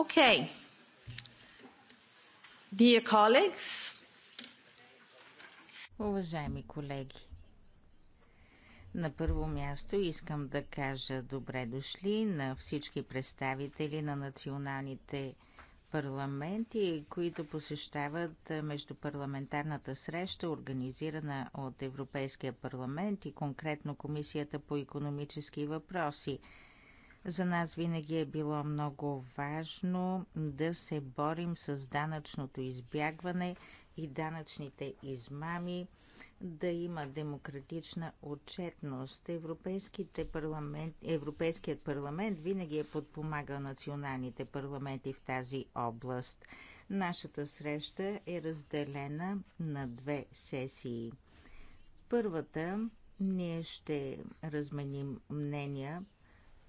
Okay. Dear colleagues. Уважаеми колеги, на първо място искам да кажа добре дошли на всички представители на националните парламенти, които посещават междупарламентарната среща, организирана от Европейския парламент и конкретно Комисията по економически въпроси – за нас винаги е било много важно да се борим с данъчното избягване и данъчните измами, да има демократична отчетност. Парламент, Европейският парламент винаги е подпомагал националните парламенти в тази област. Нашата среща е разделена на две сесии. Първата ние ще разменим мнения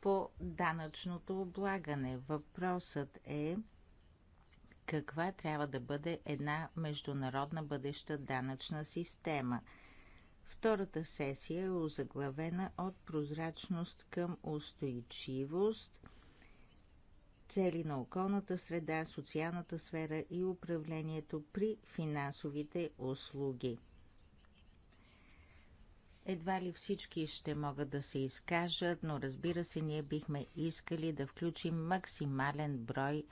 по данъчното облагане. Въпросът е каква трябва да бъде една международна бъдеща данъчна система. Втората сесия е озаглавена от прозрачност към устойчивост, цели на околната среда, социалната сфера и управлението при финансовите услуги. Едва ли всички ще могат да се изкажат, но разбира се, ние бихме искали да включим максимален брой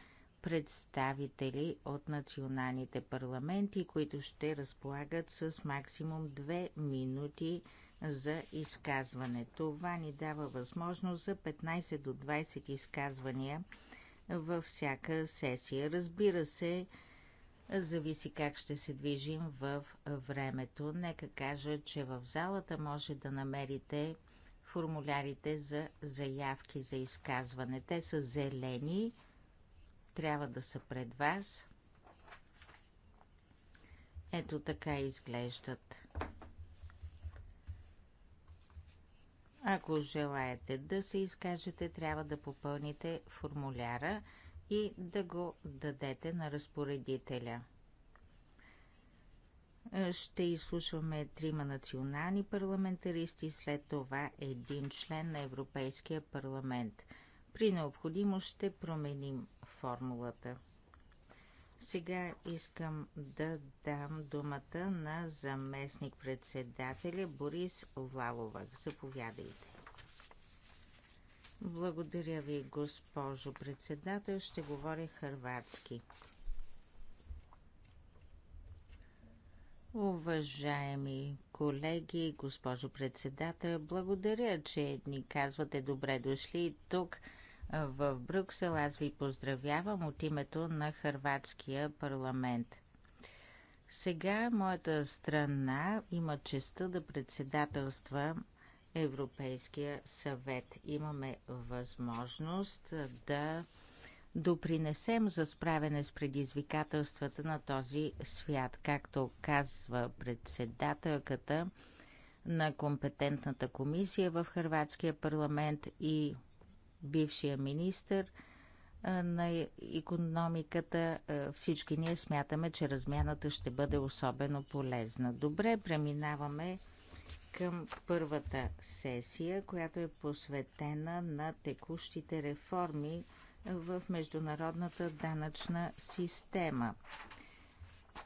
представители от националните парламенти, които ще разполагат с максимум две минути за изказване. Това ни дава възможност за 15 до 20 изказвания във всяка сесия. Разбира се, зависи как ще се движим в времето. Нека кажа, че в залата може да намерите формулярите за заявки за изказване. Те са зелени, трябва да са пред вас. Ето така изглеждат. Ако желаете да се изкажете, трябва да попълните формуляра – и да го дадете на разпоредителя. Е, ще изслушваме трима национални парламентаристи, след това един член на Европейския парламент. При необходимост ще променим формулата. Сега искам да дам думата на заместник-председателя Борис Лаловак. Заповядайте. Благодаря ви, госпожо председател. Ще говоря хърватски. Уважаеми колеги, госпожо председател, благодаря, че ни казвате добре дошли тук в Брюксел. Аз ви поздравявам от името на Хърватския парламент. Сега моята страна има честа да председателства Европейския съвет. Имаме възможност да допринесем за справяне с предизвикателствата на този свят. Както казва председателката на компетентната комисия в Хрватския парламент и бившия министр на економиката, всички ние смятаме, че размяната ще бъде особено полезна. Добре, преминаваме към първата сесия, която е посветена на текущите реформи в международната данъчна система.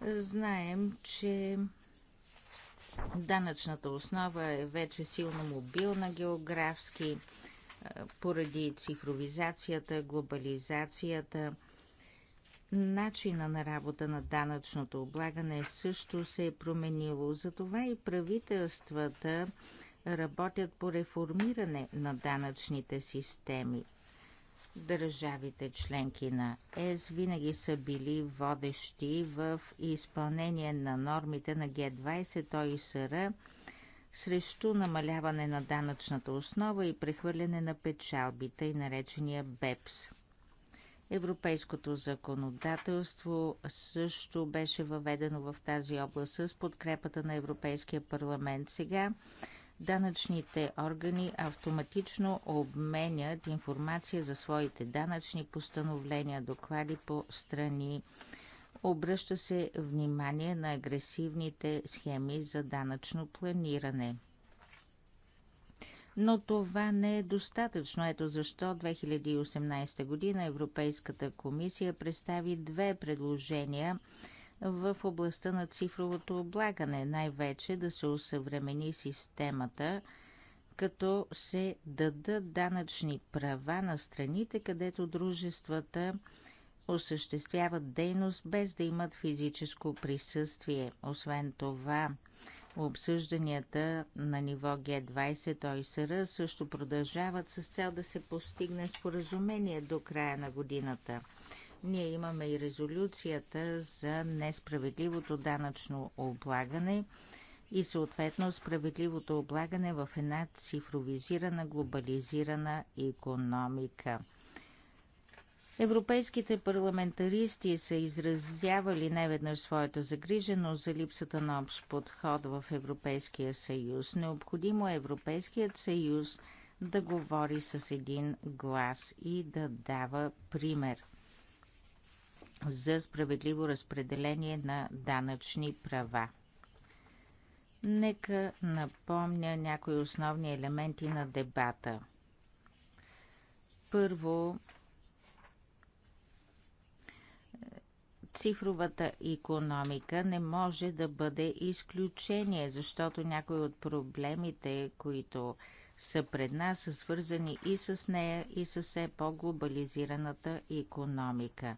Знаем, че данъчната основа е вече силно мобилна географски поради цифровизацията, глобализацията – начина на работа на данъчното облагане също се е променило. Затова и правителствата работят по реформиране на данъчните системи. Държавите членки на ЕС винаги са били водещи в изпълнение на нормите на Г20 ОИСР срещу намаляване на данъчната основа и прехвърляне на печалбите и наречения БЕПС – Европейското законодателство също беше въведено в тази област с подкрепата на Европейския парламент. Сега данъчните органи автоматично обменят информация за своите данъчни постановления, доклади по страни. Обръща се внимание на агресивните схеми за данъчно планиране – но това не е достатъчно. Ето защо 2018 година Европейската комисия представи две предложения в областта на цифровото облагане, най-вече да се усъвремени системата, като се дадат данъчни права на страните, където дружествата осъществяват дейност без да имат физическо присъствие. Освен това, Обсъжданията на ниво Г20 ОИСР също продължават с цел да се постигне споразумение до края на годината. Ние имаме и резолюцията за несправедливото данъчно облагане и съответно справедливото облагане в една цифровизирана, глобализирана економика – Европейските парламентаристи са изразявали неведнъж своята загриженост за липсата на общ подход в Европейския съюз. Необходимо е Европейският съюз да говори с един глас и да дава пример за справедливо разпределение на данъчни права. Нека напомня някои основни елементи на дебата. Първо, Цифровата економика не може да бъде изключение, защото някои от проблемите, които са пред нас, са свързани и с нея, и с все по-глобализираната економика.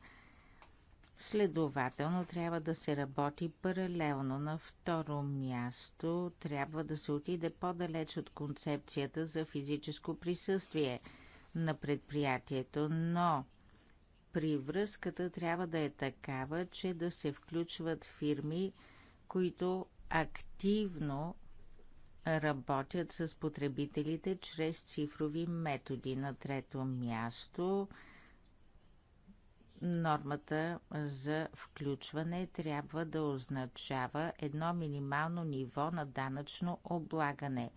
Следователно трябва да се работи паралелно. На второ място трябва да се отиде по-далеч от концепцията за физическо присъствие на предприятието, но привръзката трябва да е такава, че да се включват фирми, които активно работят с потребителите чрез цифрови методи. На трето място нормата за включване трябва да означава едно минимално ниво на данъчно облагане,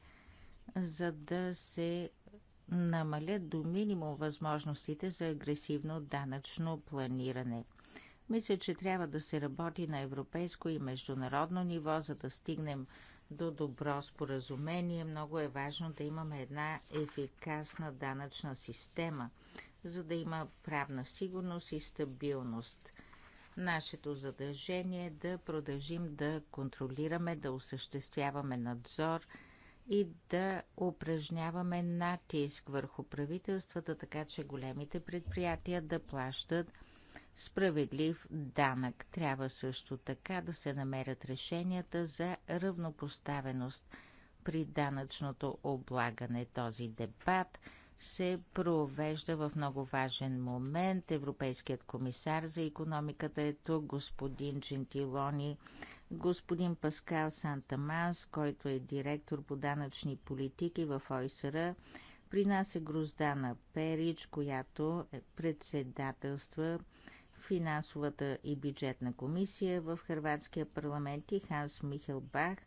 за да се намалят до минимум възможностите за агресивно данъчно планиране. Мисля, че трябва да се работи на европейско и международно ниво, за да стигнем до добро споразумение. Много е важно да имаме една ефикасна данъчна система, за да има правна сигурност и стабилност. Нашето задължение е да продължим да контролираме, да осъществяваме надзор – и да упражняваме натиск върху правителствата, така че големите предприятия да плащат справедлив данък. Трябва също така да се намерят решенията за равнопоставеност при данъчното облагане. Този дебат се провежда в много важен момент. Европейският комисар за економиката е тук, господин Джентилони господин Паскал Сантамас, който е директор по данъчни политики в ОИСР, при нас е Гроздана Перич, която е председателства финансовата и бюджетна комисия в Хрватския парламент и Ханс Михел Бах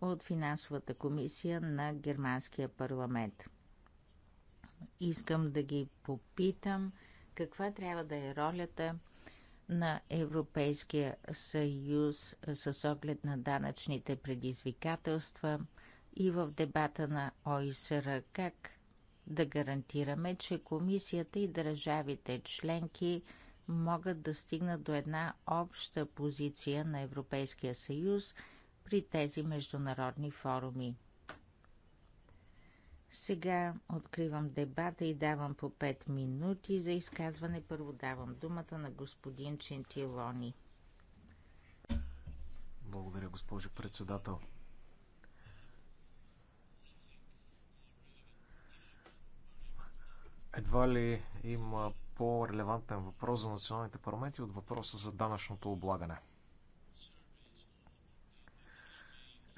от финансовата комисия на Германския парламент. Искам да ги попитам каква трябва да е ролята – на Европейския съюз с оглед на данъчните предизвикателства и в дебата на ОИСР как да гарантираме, че комисията и държавите членки могат да стигнат до една обща позиция на Европейския съюз при тези международни форуми. Сега откривам дебата и давам по 5 минути за изказване. Първо давам думата на господин Чентилони. Благодаря, госпожо председател. Едва ли има по-релевантен въпрос за националните парламенти от въпроса за данъчното облагане –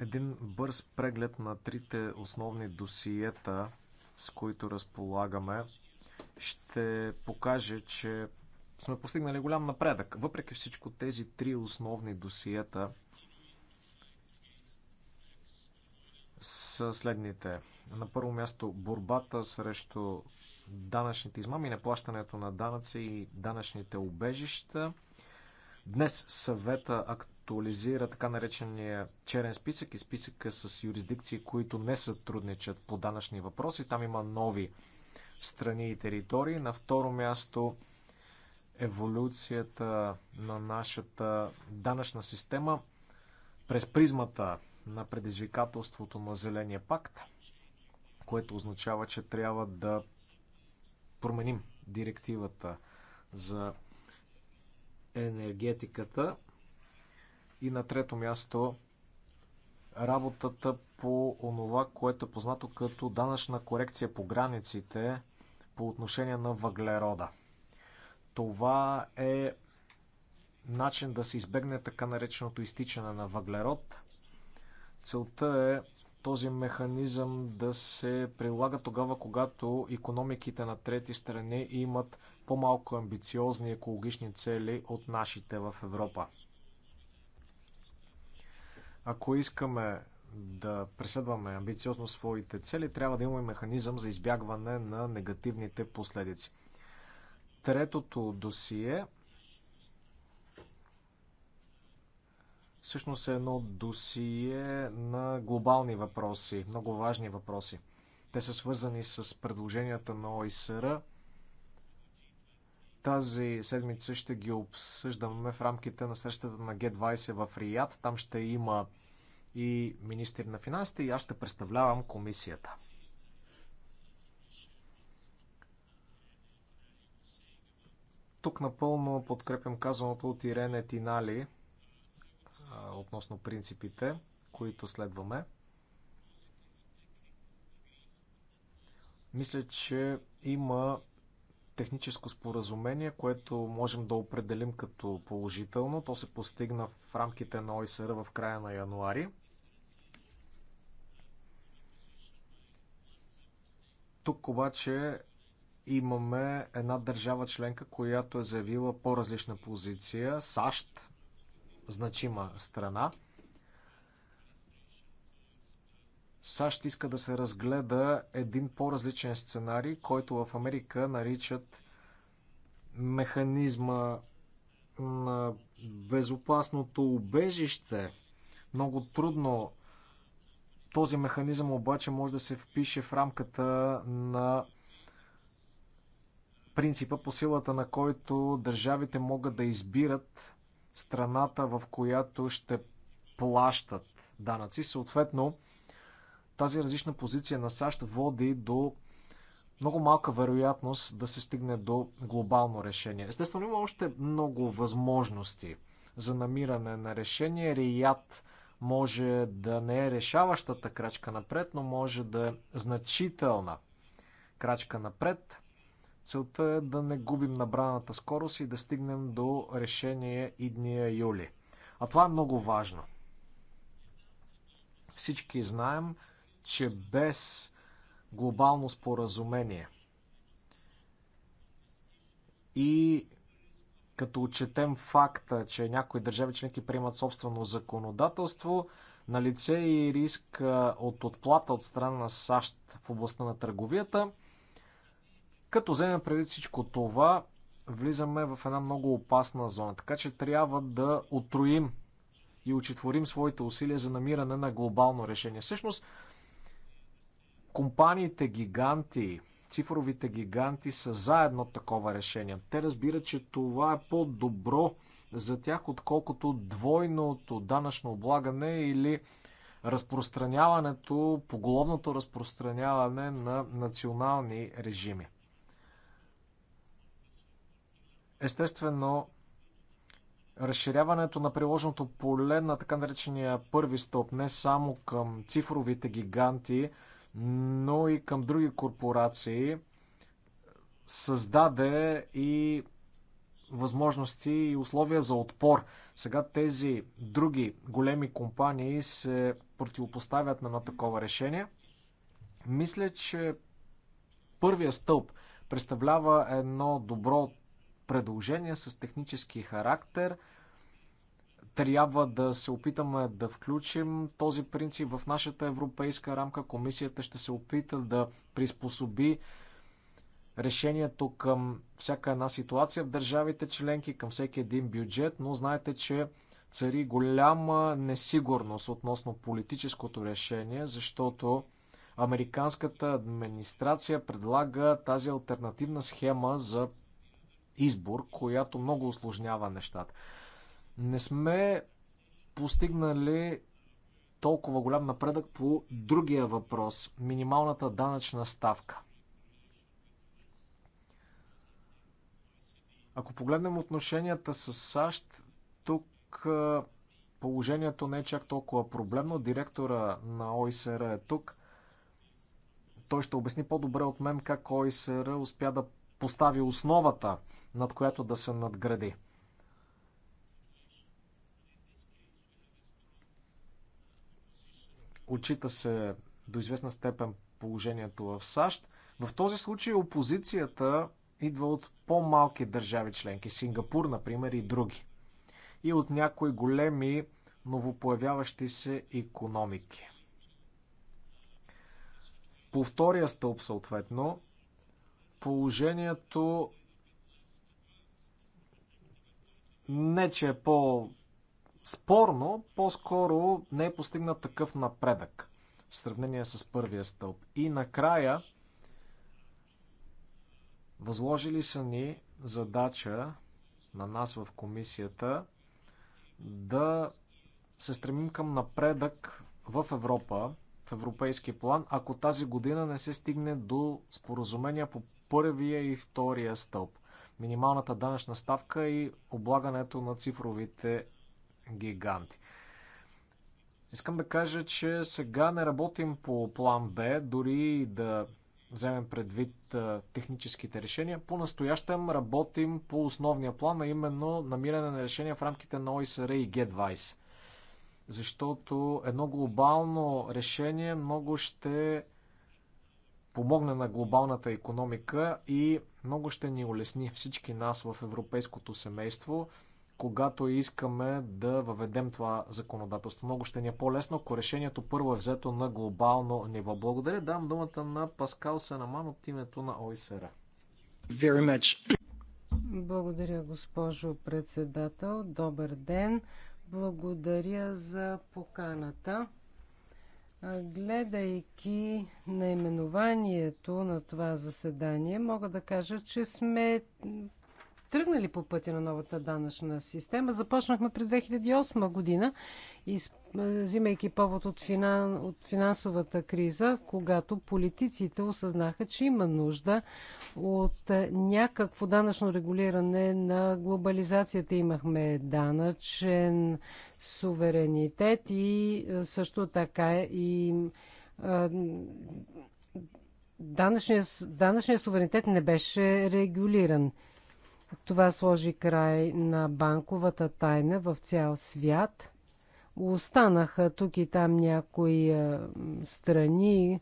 Един бърз преглед на трите основни досиета, с които разполагаме, ще покаже, че сме постигнали голям напредък. Въпреки всичко, тези три основни досиета са следните. На първо място борбата срещу данъчните измами, неплащането на данъци и данъчните убежища. Днес съвета актуализира така наречения черен списък и списъка с юрисдикции, които не сътрудничат по данъчни въпроси. Там има нови страни и територии. На второ място еволюцията на нашата данъчна система през призмата на предизвикателството на Зеления пакт, което означава, че трябва да променим директивата за енергетиката и на трето място работата по онова, което е познато като данъчна корекция по границите по отношение на въглерода. Това е начин да се избегне така нареченото изтичане на въглерод. Целта е този механизъм да се прилага тогава, когато економиките на трети страни имат по-малко амбициозни екологични цели от нашите в Европа. Ако искаме да преследваме амбициозно своите цели, трябва да имаме механизъм за избягване на негативните последици. Третото досие всъщност е едно досие на глобални въпроси, много важни въпроси. Те са свързани с предложенията на ОИСР, тази седмица ще ги обсъждаме в рамките на срещата на Г20 в Рият. Там ще има и министър на финансите и аз ще представлявам комисията. Тук напълно подкрепям казаното от Ирене Тинали относно принципите, които следваме. Мисля, че има техническо споразумение, което можем да определим като положително. То се постигна в рамките на ОИСР в края на януари. Тук обаче имаме една държава членка, която е заявила по-различна позиция. САЩ, значима страна. САЩ иска да се разгледа един по-различен сценарий, който в Америка наричат механизма на безопасното убежище. Много трудно този механизъм обаче може да се впише в рамката на принципа по силата на който държавите могат да избират страната, в която ще плащат данъци. Съответно, тази различна позиция на САЩ води до много малка вероятност да се стигне до глобално решение. Естествено, има още много възможности за намиране на решение. Рият може да не е решаващата крачка напред, но може да е значителна крачка напред. Целта е да не губим набраната скорост и да стигнем до решение идния юли. А това е много важно. Всички знаем, че без глобално споразумение и като отчетем факта, че някои държави членки приемат собствено законодателство, на лице е и риск от отплата от страна на САЩ в областта на търговията. Като вземем преди всичко това, влизаме в една много опасна зона, така че трябва да отруим и очетворим своите усилия за намиране на глобално решение. Всъщност, Компаниите гиганти, цифровите гиганти са заедно такова решение. Те разбират, че това е по-добро за тях, отколкото двойното данъчно облагане или разпространяването, поголовното разпространяване на национални режими. Естествено, разширяването на приложеното поле на така наречения първи стоп не само към цифровите гиганти, но и към други корпорации, създаде и възможности и условия за отпор. Сега тези други големи компании се противопоставят на такова решение. Мисля, че първия стълб представлява едно добро предложение с технически характер – трябва да се опитаме да включим този принцип в нашата европейска рамка. Комисията ще се опита да приспособи решението към всяка една ситуация в държавите членки, към всеки един бюджет, но знаете, че цари голяма несигурност относно политическото решение, защото американската администрация предлага тази альтернативна схема за избор, която много осложнява нещата. Не сме постигнали толкова голям напредък по другия въпрос минималната данъчна ставка. Ако погледнем отношенията с САЩ, тук положението не е чак толкова проблемно. Директора на ОИСР е тук. Той ще обясни по-добре от мен как ОИСР успя да постави основата, над която да се надгради. Отчита се до известна степен положението в САЩ. В този случай опозицията идва от по-малки държави членки, Сингапур, например, и други. И от някои големи новопоявяващи се економики. По втория стълб, съответно, положението не че е по спорно, по-скоро не е постигнат такъв напредък в сравнение с първия стълб. И накрая, възложили са ни задача на нас в комисията да се стремим към напредък в Европа, в европейски план, ако тази година не се стигне до споразумения по първия и втория стълб. Минималната данъчна ставка и облагането на цифровите гиганти. Искам да кажа, че сега не работим по план Б, дори да вземем предвид техническите решения. По-настоящем работим по основния план, а именно намиране на решения в рамките на ОСР и g 20 Защото едно глобално решение много ще помогне на глобалната економика и много ще ни улесни всички нас в европейското семейство – когато искаме да въведем това законодателство. Много ще ни е по-лесно, ако решението първо е взето на глобално ниво. Благодаря. Дам думата на Паскал Сенаман от името на ОИСР. Благодаря, госпожо председател. Добър ден. Благодаря за поканата. Гледайки наименованието на това заседание, мога да кажа, че сме тръгнали по пътя на новата данъчна система. Започнахме през 2008 година, взимайки повод от, финан, от финансовата криза, когато политиците осъзнаха, че има нужда от някакво данъчно регулиране на глобализацията. Имахме данъчен суверенитет и е, също така е и е, данъчният, данъчният суверенитет не беше регулиран. Това сложи край на банковата тайна в цял свят. Останаха тук и там някои е, страни,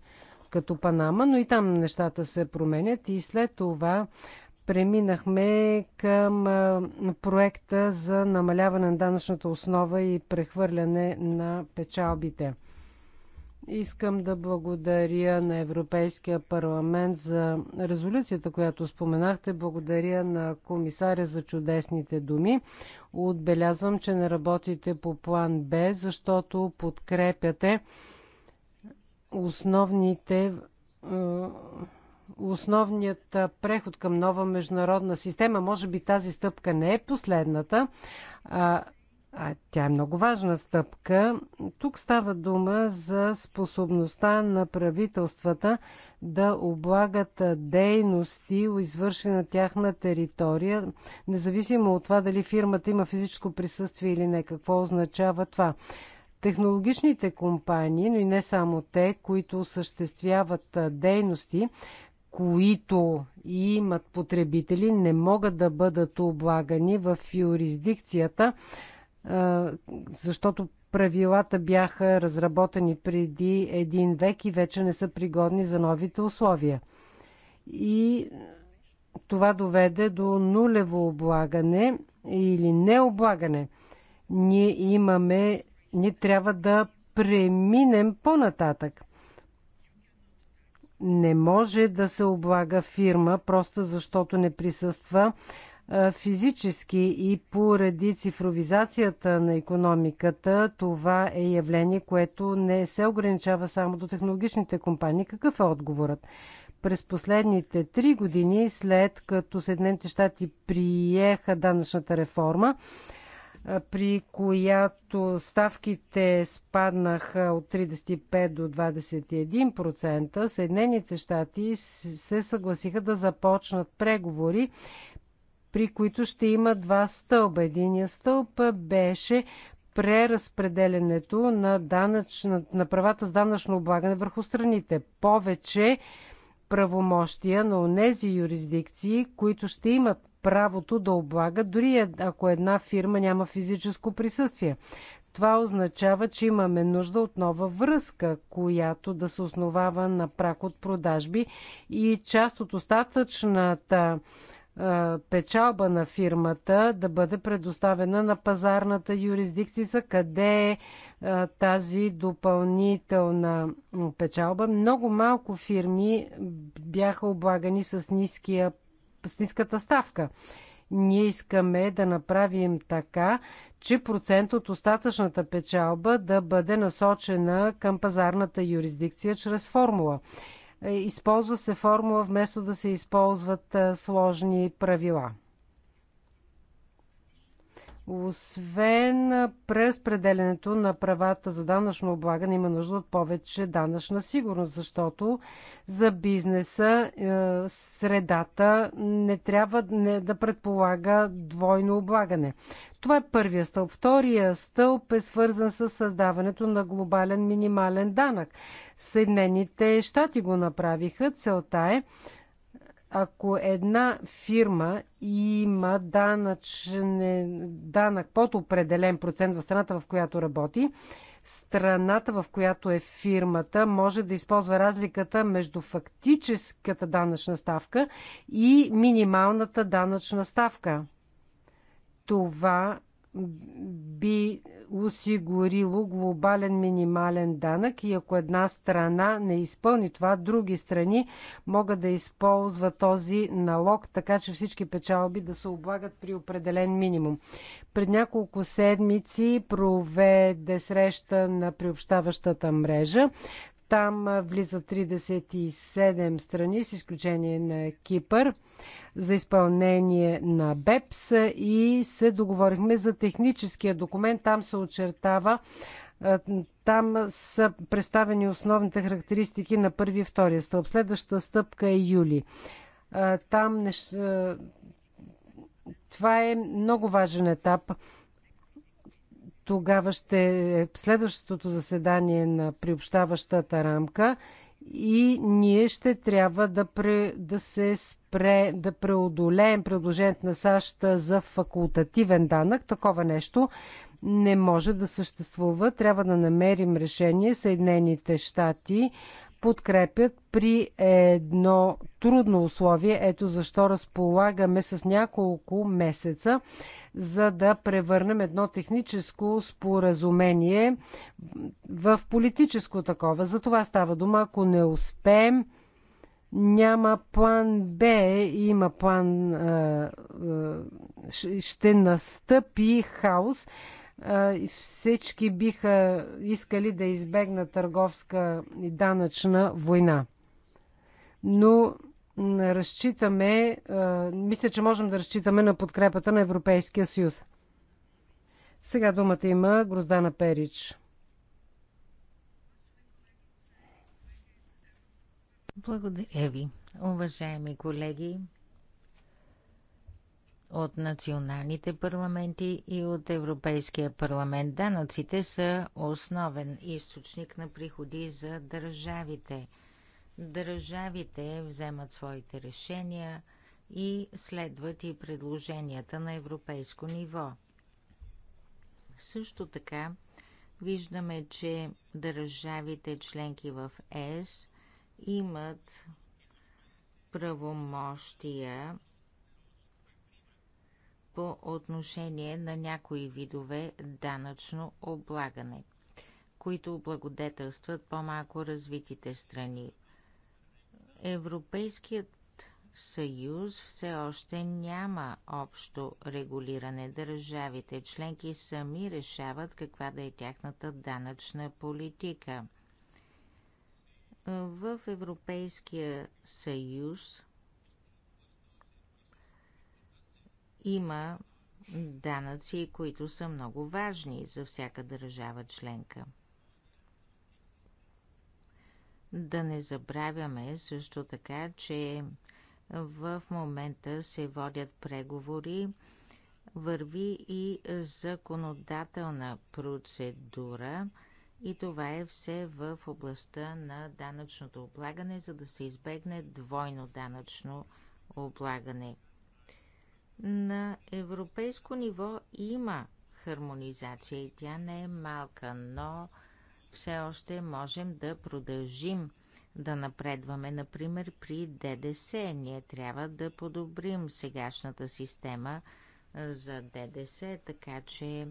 като Панама, но и там нещата се променят. И след това преминахме към е, проекта за намаляване на данъчната основа и прехвърляне на печалбите. Искам да благодаря на Европейския парламент за резолюцията, която споменахте. Благодаря на комисаря за чудесните думи. Отбелязвам, че не работите по план Б, защото подкрепяте основните е, основният преход към нова международна система. Може би тази стъпка не е последната, а а тя е много важна стъпка. Тук става дума за способността на правителствата да облагат дейности, извършени на тяхна територия, независимо от това дали фирмата има физическо присъствие или не. Какво означава това? Технологичните компании, но и не само те, които осъществяват дейности, които имат потребители, не могат да бъдат облагани в юрисдикцията защото правилата бяха разработени преди един век и вече не са пригодни за новите условия. И това доведе до нулево облагане или необлагане. Ние имаме, ние трябва да преминем по-нататък. Не може да се облага фирма просто защото не присъства физически и поради цифровизацията на економиката, това е явление, което не се ограничава само до технологичните компании. Какъв е отговорът? През последните три години, след като Съединените щати приеха данъчната реформа, при която ставките спаднаха от 35 до 21%, Съединените щати се съгласиха да започнат преговори при които ще има два стълба. Единият стълб беше преразпределенето на, данъчна, на правата с данъчно облагане върху страните. Повече правомощия на онези юрисдикции, които ще имат правото да облагат, дори е- ако една фирма няма физическо присъствие. Това означава, че имаме нужда от нова връзка, която да се основава на прак от продажби и част от остатъчната е, печалба на фирмата да бъде предоставена на пазарната юрисдикция, къде е, е тази допълнителна печалба. Много малко фирми бяха облагани с, ниския, с ниската ставка. Ние искаме да направим така, че процент от остатъчната печалба да бъде насочена към пазарната юрисдикция чрез формула. Е, използва се формула вместо да се използват е, сложни правила. Освен е, преразпределенето на правата за данъчно облагане, има нужда от повече данъчна сигурност, защото за бизнеса средата не трябва да предполага двойно облагане. Това е първия стълб. Втория стълб е свързан с създаването на глобален минимален данък. Съединените щати го направиха. Целта е ако една фирма има данъчне, данък под определен процент в страната, в която работи, страната, в която е фирмата, може да използва разликата между фактическата данъчна ставка и минималната данъчна ставка. Това би осигурило глобален минимален данък и ако една страна не изпълни това, други страни могат да използват този налог, така че всички печалби да се облагат при определен минимум. Пред няколко седмици проведе среща на приобщаващата мрежа. Там влизат 37 страни, с изключение на Кипър, за изпълнение на БЕПС и се договорихме за техническия документ. Там се очертава там са представени основните характеристики на първи и втория стълб. Следващата стъпка е юли. Там нещ... това е много важен етап. Тогава ще е следващото заседание на приобщаващата рамка и ние ще трябва да, пре, да се спре, да преодолеем предложението на САЩ за факултативен данък. Такова нещо не може да съществува. Трябва да намерим решение. Съединените щати подкрепят при едно трудно условие. Ето защо разполагаме с няколко месеца за да превърнем едно техническо споразумение в политическо такова. За това става дума. Ако не успеем, няма план Б, има план. Ще настъпи хаос. Всички биха искали да избегнат търговска и данъчна война. Но разчитаме, мисля, че можем да разчитаме на подкрепата на Европейския съюз. Сега думата има Гроздана Перич. Благодаря ви, уважаеми колеги от националните парламенти и от Европейския парламент. Данъците са основен източник на приходи за държавите – Държавите вземат своите решения и следват и предложенията на европейско ниво. Също така виждаме, че държавите членки в ЕС имат правомощия по отношение на някои видове данъчно облагане, които облагодетелстват по-малко развитите страни. Европейският съюз все още няма общо регулиране. Държавите членки сами решават каква да е тяхната данъчна политика. В Европейския съюз има данъци, които са много важни за всяка държава членка – да не забравяме също така, че в момента се водят преговори, върви и законодателна процедура и това е все в областта на данъчното облагане, за да се избегне двойно данъчно облагане. На европейско ниво има хармонизация и тя не е малка, но все още можем да продължим да напредваме. Например, при ДДС ние трябва да подобрим сегашната система за ДДС, така че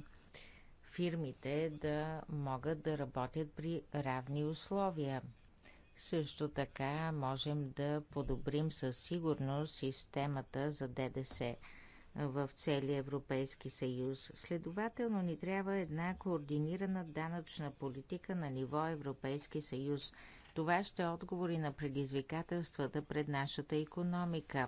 фирмите да могат да работят при равни условия. Също така можем да подобрим със сигурност системата за ДДС в целия Европейски съюз. Следователно ни трябва една координирана данъчна политика на ниво Европейски съюз. Това ще е отговори на предизвикателствата пред нашата економика.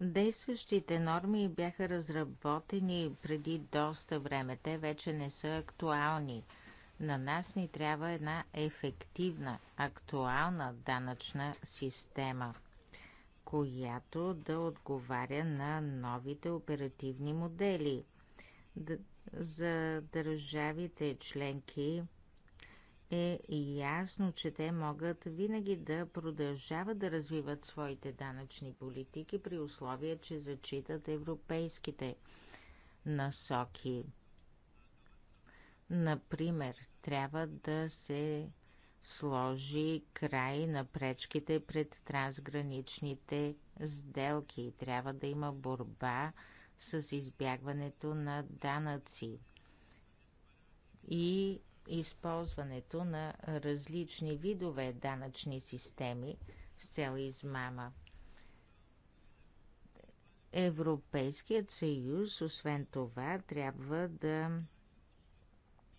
Действащите норми бяха разработени преди доста време. Те вече не са актуални – на нас ни трябва една ефективна, актуална данъчна система, която да отговаря на новите оперативни модели. За държавите членки е ясно, че те могат винаги да продължават да развиват своите данъчни политики при условие, че зачитат европейските насоки. Например, трябва да се сложи край на пречките пред трансграничните сделки. Трябва да има борба с избягването на данъци и използването на различни видове данъчни системи с цел измама. Европейският съюз, освен това, трябва да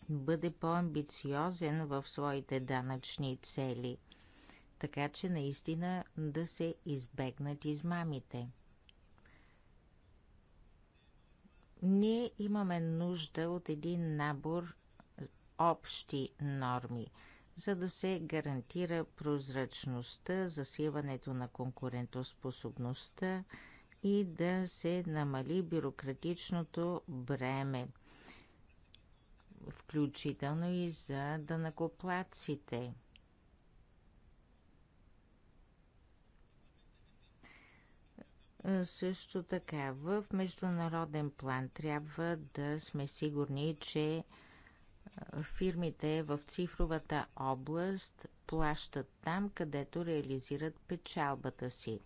бъде по-амбициозен в своите данъчни цели, така че наистина да се избегнат измамите. Ние имаме нужда от един набор общи норми, за да се гарантира прозрачността, засиването на конкурентоспособността и да се намали бюрократичното бреме – включително и за данакоплаците. Също така, в международен план трябва да сме сигурни, че фирмите в цифровата област плащат там, където реализират печалбата си.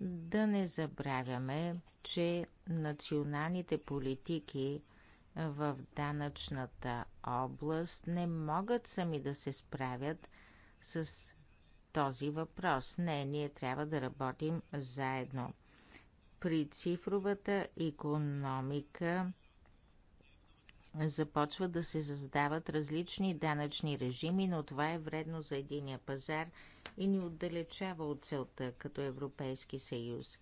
Да не забравяме, че националните политики – в данъчната област не могат сами да се справят с този въпрос. Не, ние трябва да работим заедно. При цифровата економика започват да се създават различни данъчни режими, но това е вредно за единия пазар и ни отдалечава от целта като Европейски съюз.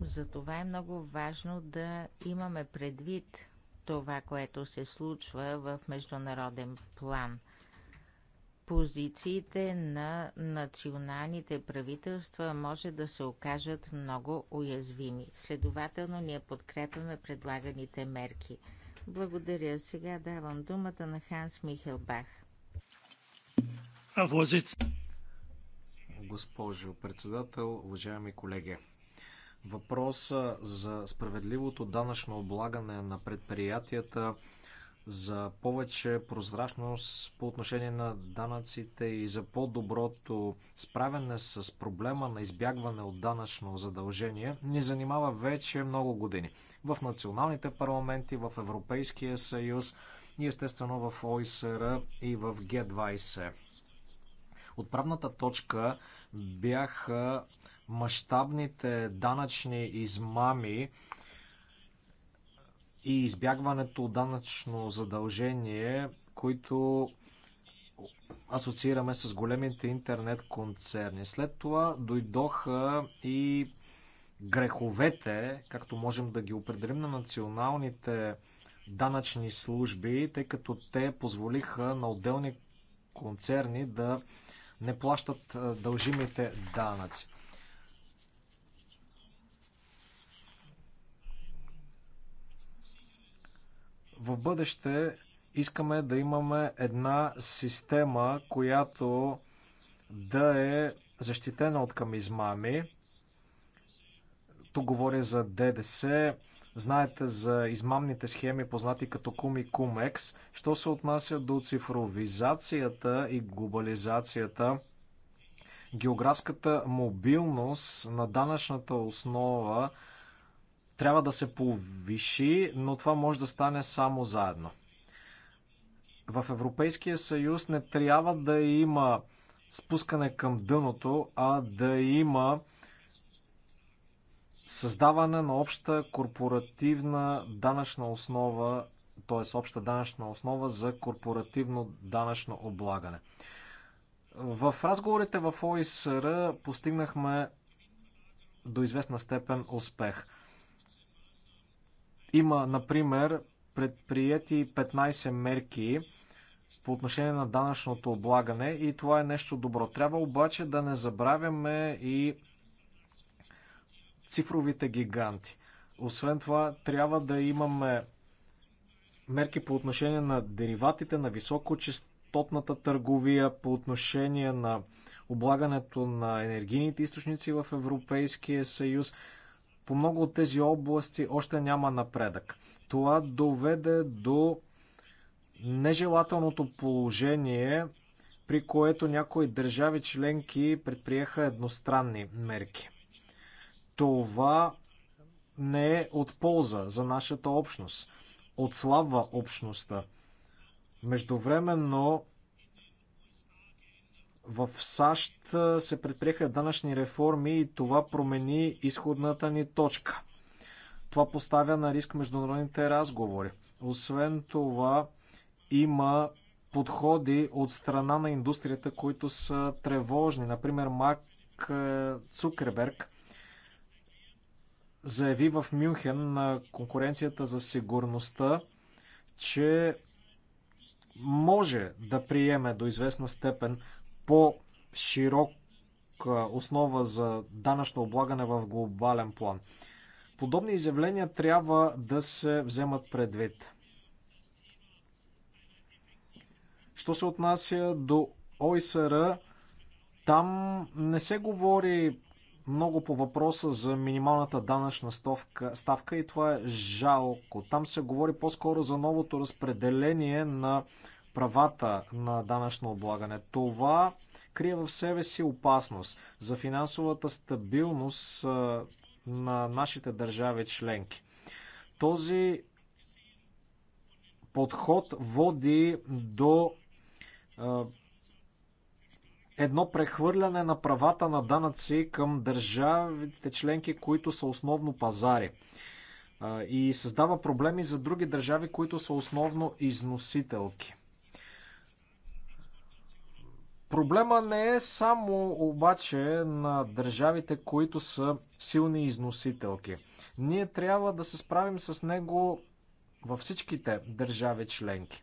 Затова е много важно да имаме предвид това, което се случва в международен план. Позициите на националните правителства може да се окажат много уязвими. Следователно, ние подкрепяме предлаганите мерки. Благодаря. Сега давам думата на Ханс Михелбах. Госпожо председател, уважаеми колеги, въпроса за справедливото данъчно облагане на предприятията, за повече прозрачност по отношение на данъците и за по-доброто справяне с проблема на избягване от данъчно задължение ни занимава вече много години. В националните парламенти, в Европейския съюз и естествено в ОИСР и в Г20. Отправната точка бяха мащабните данъчни измами и избягването данъчно задължение, които асоциираме с големите интернет концерни. След това дойдоха и греховете, както можем да ги определим на националните данъчни служби, тъй като те позволиха на отделни концерни да не плащат дължимите данъци. В бъдеще искаме да имаме една система, която да е защитена от към измами. Тук говоря за ДДС, Знаете за измамните схеми, познати като Кум и Кумекс. Що се отнася до цифровизацията и глобализацията, географската мобилност на данъчната основа трябва да се повиши, но това може да стане само заедно. В Европейския съюз не трябва да има спускане към дъното, а да има Създаване на обща корпоративна данъчна основа, т.е. обща данъчна основа за корпоративно данъчно облагане. В разговорите в ОИСР постигнахме до известна степен успех. Има, например, предприяти 15 мерки по отношение на данъчното облагане и това е нещо добро. Трябва обаче да не забравяме и цифровите гиганти. Освен това, трябва да имаме мерки по отношение на дериватите, на високочастотната търговия, по отношение на облагането на енергийните източници в Европейския съюз. По много от тези области още няма напредък. Това доведе до нежелателното положение, при което някои държави членки предприеха едностранни мерки това не е от полза за нашата общност. Отслабва общността. Междувременно в САЩ се предприеха данъчни реформи и това промени изходната ни точка. Това поставя на риск международните разговори. Освен това, има подходи от страна на индустрията, които са тревожни. Например, Марк Цукерберг заяви в Мюнхен на конкуренцията за сигурността, че може да приеме до известна степен по-широк основа за данъчно облагане в глобален план. Подобни изявления трябва да се вземат предвид. Що се отнася до ОИСР, там не се говори много по въпроса за минималната данъчна ставка, ставка и това е жалко. Там се говори по-скоро за новото разпределение на правата на данъчно облагане. Това крие в себе си опасност за финансовата стабилност на нашите държави членки. Този подход води до едно прехвърляне на правата на данъци към държавите членки, които са основно пазари. И създава проблеми за други държави, които са основно износителки. Проблема не е само обаче на държавите, които са силни износителки. Ние трябва да се справим с него във всичките държави членки.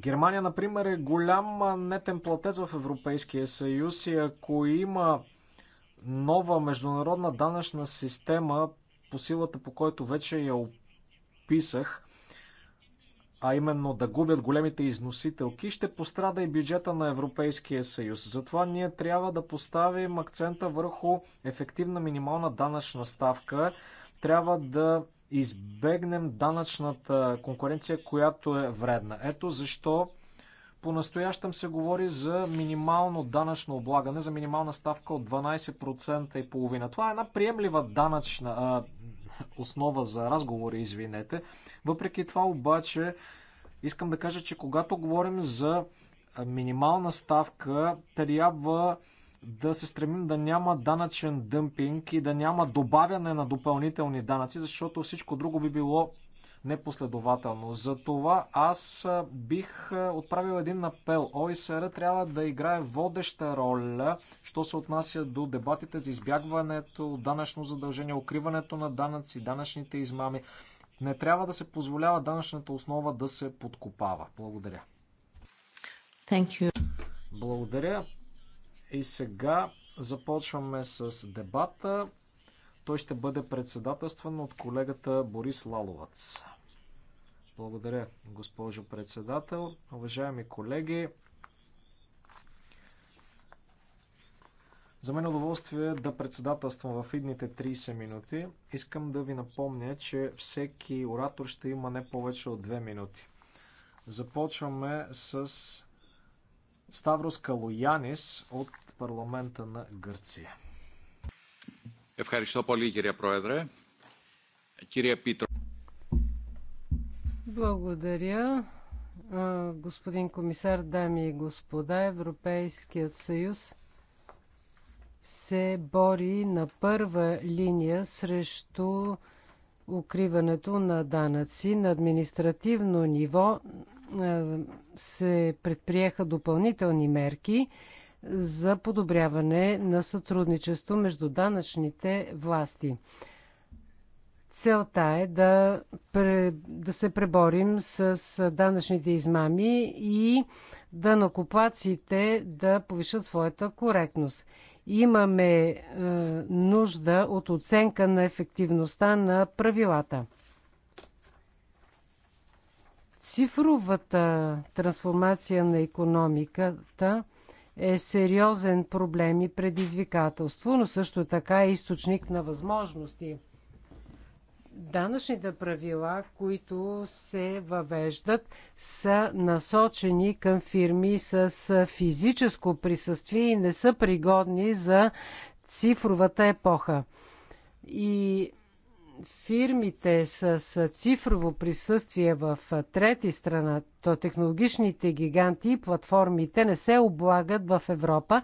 Германия, например, е голям нетен платец в Европейския съюз и ако има нова международна данъчна система, по силата по който вече я описах, а именно да губят големите износителки, ще пострада и бюджета на Европейския съюз. Затова ние трябва да поставим акцента върху ефективна минимална данъчна ставка. Трябва да избегнем данъчната конкуренция, която е вредна. Ето защо по-настоящем се говори за минимално данъчно облагане, за минимална ставка от 12% и половина. Това е една приемлива данъчна а, основа за разговори, извинете. Въпреки това обаче искам да кажа, че когато говорим за минимална ставка, трябва да се стремим да няма данъчен дъмпинг и да няма добавяне на допълнителни данъци, защото всичко друго би било непоследователно. За това аз бих отправил един апел. ОИСР трябва да играе водеща роля, що се отнася до дебатите за избягването, данъчно задължение, укриването на данъци, данъчните измами. Не трябва да се позволява данъчната основа да се подкопава. Благодаря. Thank you. Благодаря. И сега започваме с дебата. Той ще бъде председателстван от колегата Борис Лаловац. Благодаря, госпожо председател. Уважаеми колеги, за мен е удоволствие да председателствам в идните 30 минути. Искам да ви напомня, че всеки оратор ще има не повече от 2 минути. Започваме с Ставрос Калоянис от парламента на Гърция. Ευχαριστώ πολύ, κυρία Πρόεδρε. Κυρία Πίτρο. Благодаря. Господин комисар, дами и господа, Европейският съюз се бори на първа линия срещу укриването на данъци на административно ниво, е, се предприеха допълнителни мерки за подобряване на сътрудничество между данъчните власти. Целта е да, да се преборим с данъчните измами и да накоплаците да повишат своята коректност. Имаме е, нужда от оценка на ефективността на правилата. Цифровата трансформация на економиката е сериозен проблем и предизвикателство, но също така е източник на възможности. Данъчните правила, които се въвеждат, са насочени към фирми с физическо присъствие и не са пригодни за цифровата епоха. И фирмите с цифрово присъствие в трети страна, то технологичните гиганти и платформите не се облагат в Европа,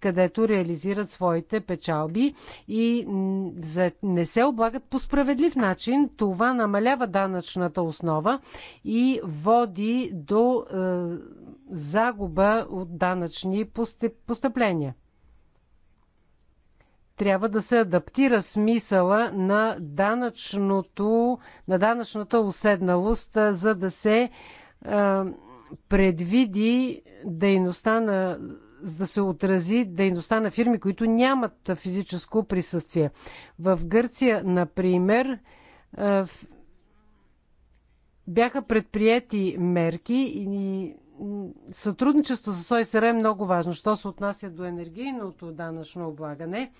където реализират своите печалби и не се облагат по справедлив начин. Това намалява данъчната основа и води до загуба от данъчни постъпления трябва да се адаптира смисъла на, данъчното, на данъчната уседналост, за да се а, предвиди дейността на да се отрази дейността на фирми, които нямат физическо присъствие. В Гърция, например, бяха предприяти мерки и сътрудничество с ОСР е много важно. Що се отнася до енергийното данъчно облагане,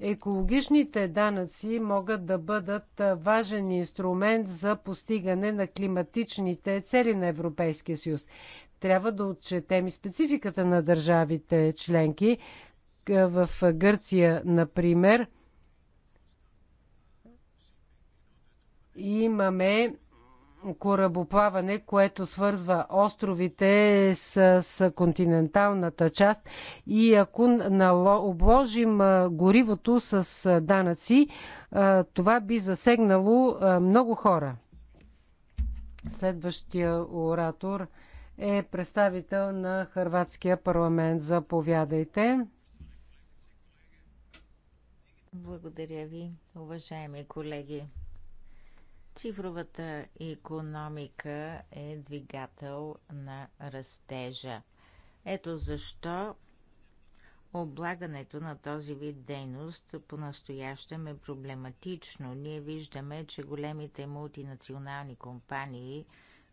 екологичните данъци могат да бъдат важен инструмент за постигане на климатичните цели на Европейския съюз. Трябва да отчетем и спецификата на държавите членки. В Гърция, например, имаме корабоплаване, което свързва островите с, с континенталната част и ако нало, обложим горивото с данъци, това би засегнало много хора. Следващия оратор е представител на Хрватския парламент. Заповядайте. Благодаря ви, уважаеми колеги. Цифровата економика е двигател на растежа. Ето защо облагането на този вид дейност по-настоящем е проблематично. Ние виждаме, че големите мултинационални компании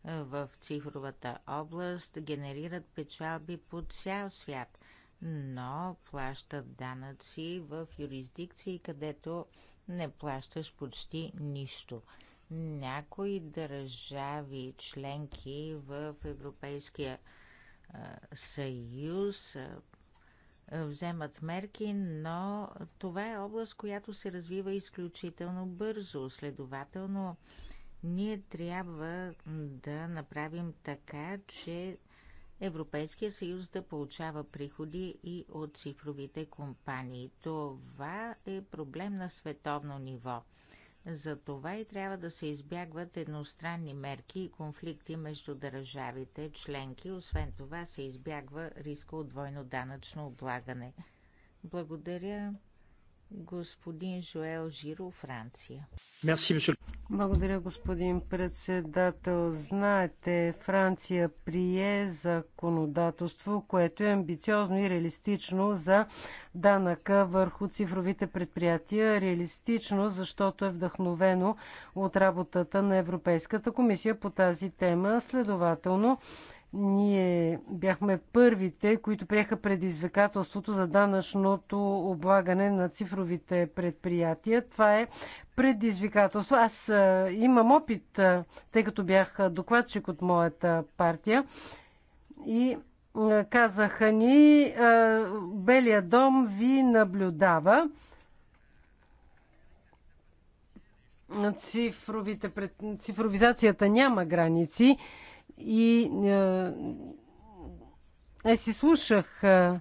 в цифровата област генерират печалби по цял свят, но плащат данъци в юрисдикции, където не плащаш почти нищо някои държави членки в Европейския съюз вземат мерки, но това е област, която се развива изключително бързо. Следователно, ние трябва да направим така, че Европейския съюз да получава приходи и от цифровите компании. Това е проблем на световно ниво. За това и трябва да се избягват едностранни мерки и конфликти между държавите членки. Освен това се избягва риска от двойно данъчно облагане. Благодаря господин Жоел Жиро, Франция. Благодаря, господин председател. Знаете, Франция прие законодателство, което е амбициозно и реалистично за данъка върху цифровите предприятия. Реалистично, защото е вдъхновено от работата на Европейската комисия по тази тема. Следователно, ние бяхме първите, които приеха предизвикателството за данъчното облагане на цифровите предприятия. Това е предизвикателство. Аз имам опит, тъй като бях докладчик от моята партия и казаха ни, Белия дом ви наблюдава. Цифровите, цифровизацията няма граници и е, е, слушах е,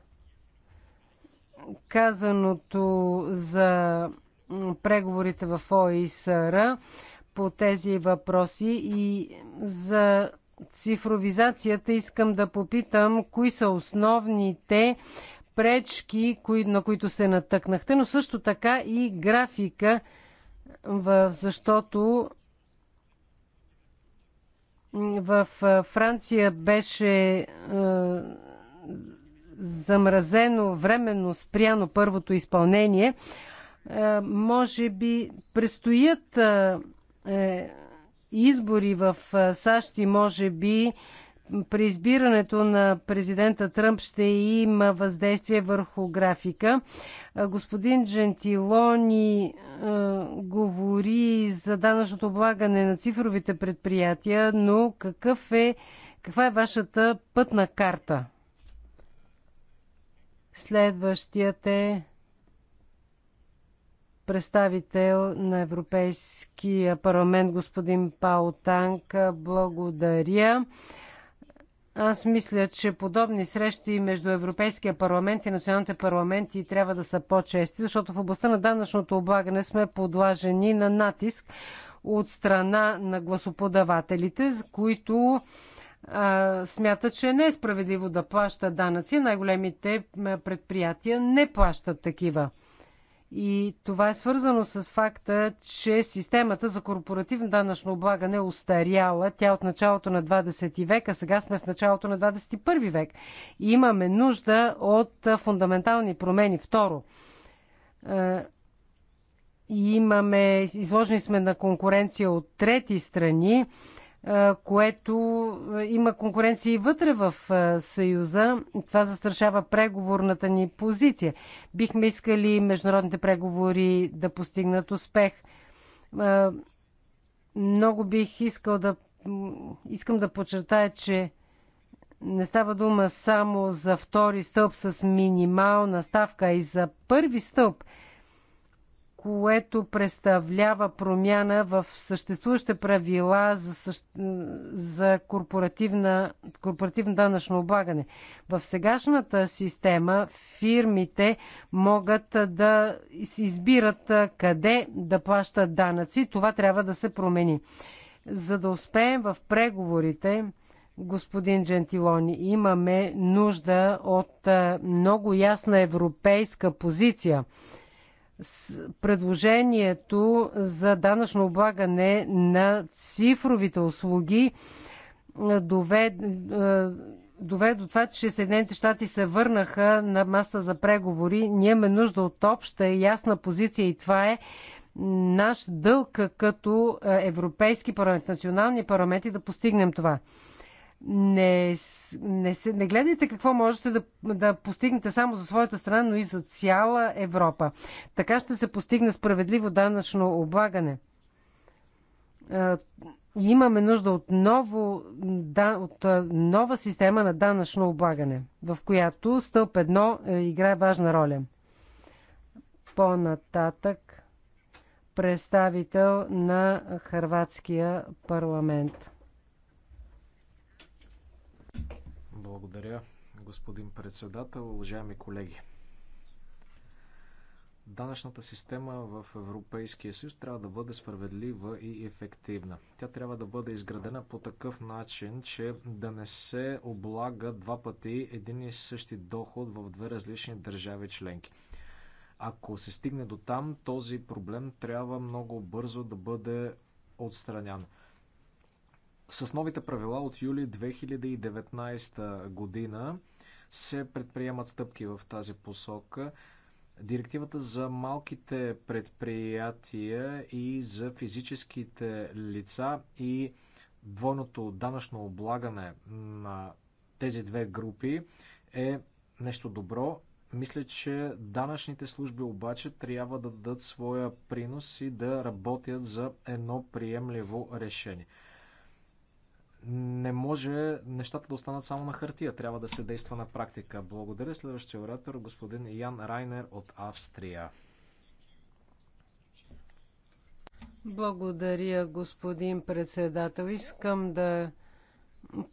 казаното за преговорите в ОИСР по тези въпроси и за цифровизацията искам да попитам кои са основните пречки, кои, на които се натъкнахте, но също така и графика, защото в Франция беше замразено, временно спряно първото изпълнение. Може би предстоят е, избори в САЩ и може би при избирането на президента Тръмп ще има въздействие върху графика. Господин Джентилони е, говори за данъчното облагане на цифровите предприятия, но какъв е, каква е вашата пътна карта? Следващият е представител на Европейския парламент, господин Пао Танка. Благодаря. Аз мисля, че подобни срещи между Европейския парламент и националните парламенти трябва да са по-чести, защото в областта на данъчното облагане сме подлажени на натиск от страна на гласоподавателите, които а, смятат, че не е справедливо да плащат данъци. Най-големите предприятия не плащат такива. И това е свързано с факта, че системата за корпоративно данъчно облагане е устаряла. Тя от началото на 20 век, а сега сме в началото на 21 век. И имаме нужда от фундаментални промени. Второ, и е, имаме, изложени сме на конкуренция от трети страни, което има конкуренция и вътре в Съюза. Това застрашава преговорната ни позиция. Бихме искали международните преговори да постигнат успех. Много бих искал да искам да подчертая, че не става дума само за втори стълб с минимална ставка, а и за първи стълб – което представлява промяна в съществуващите правила за, за корпоративна... корпоративно данъчно облагане. В сегашната система фирмите могат да избират къде да плащат данъци. Това трябва да се промени. За да успеем в преговорите, господин Джентилони, имаме нужда от много ясна европейска позиция – предложението за данъчно облагане на цифровите услуги е, е, доведе довед до това, че Съединените щати се върнаха на маста за преговори. Ние имаме нужда от обща и ясна позиция и това е наш дълг като е, европейски парламент, национални парламенти да постигнем това не, не, се, не гледайте какво можете да, да постигнете само за своята страна, но и за цяла Европа. Така ще се постигне справедливо данъчно облагане. И имаме нужда от, ново, да, от нова система на данъчно облагане, в която стълб 1 е, играе важна роля. По-нататък представител на Харватския парламент. Благодаря, господин председател, уважаеми колеги. Данъчната система в Европейския съюз трябва да бъде справедлива и ефективна. Тя трябва да бъде изградена по такъв начин, че да не се облага два пъти един и същи доход в две различни държави членки. Ако се стигне до там, този проблем трябва много бързо да бъде отстранян. С новите правила от юли 2019 година се предприемат стъпки в тази посока. Директивата за малките предприятия и за физическите лица и двойното данъчно облагане на тези две групи е нещо добро. Мисля, че данъчните служби обаче трябва да дадат своя принос и да работят за едно приемливо решение не може нещата да останат само на хартия. Трябва да се действа на практика. Благодаря. Следващия оратор, господин Ян Райнер от Австрия. Благодаря, господин председател. Искам да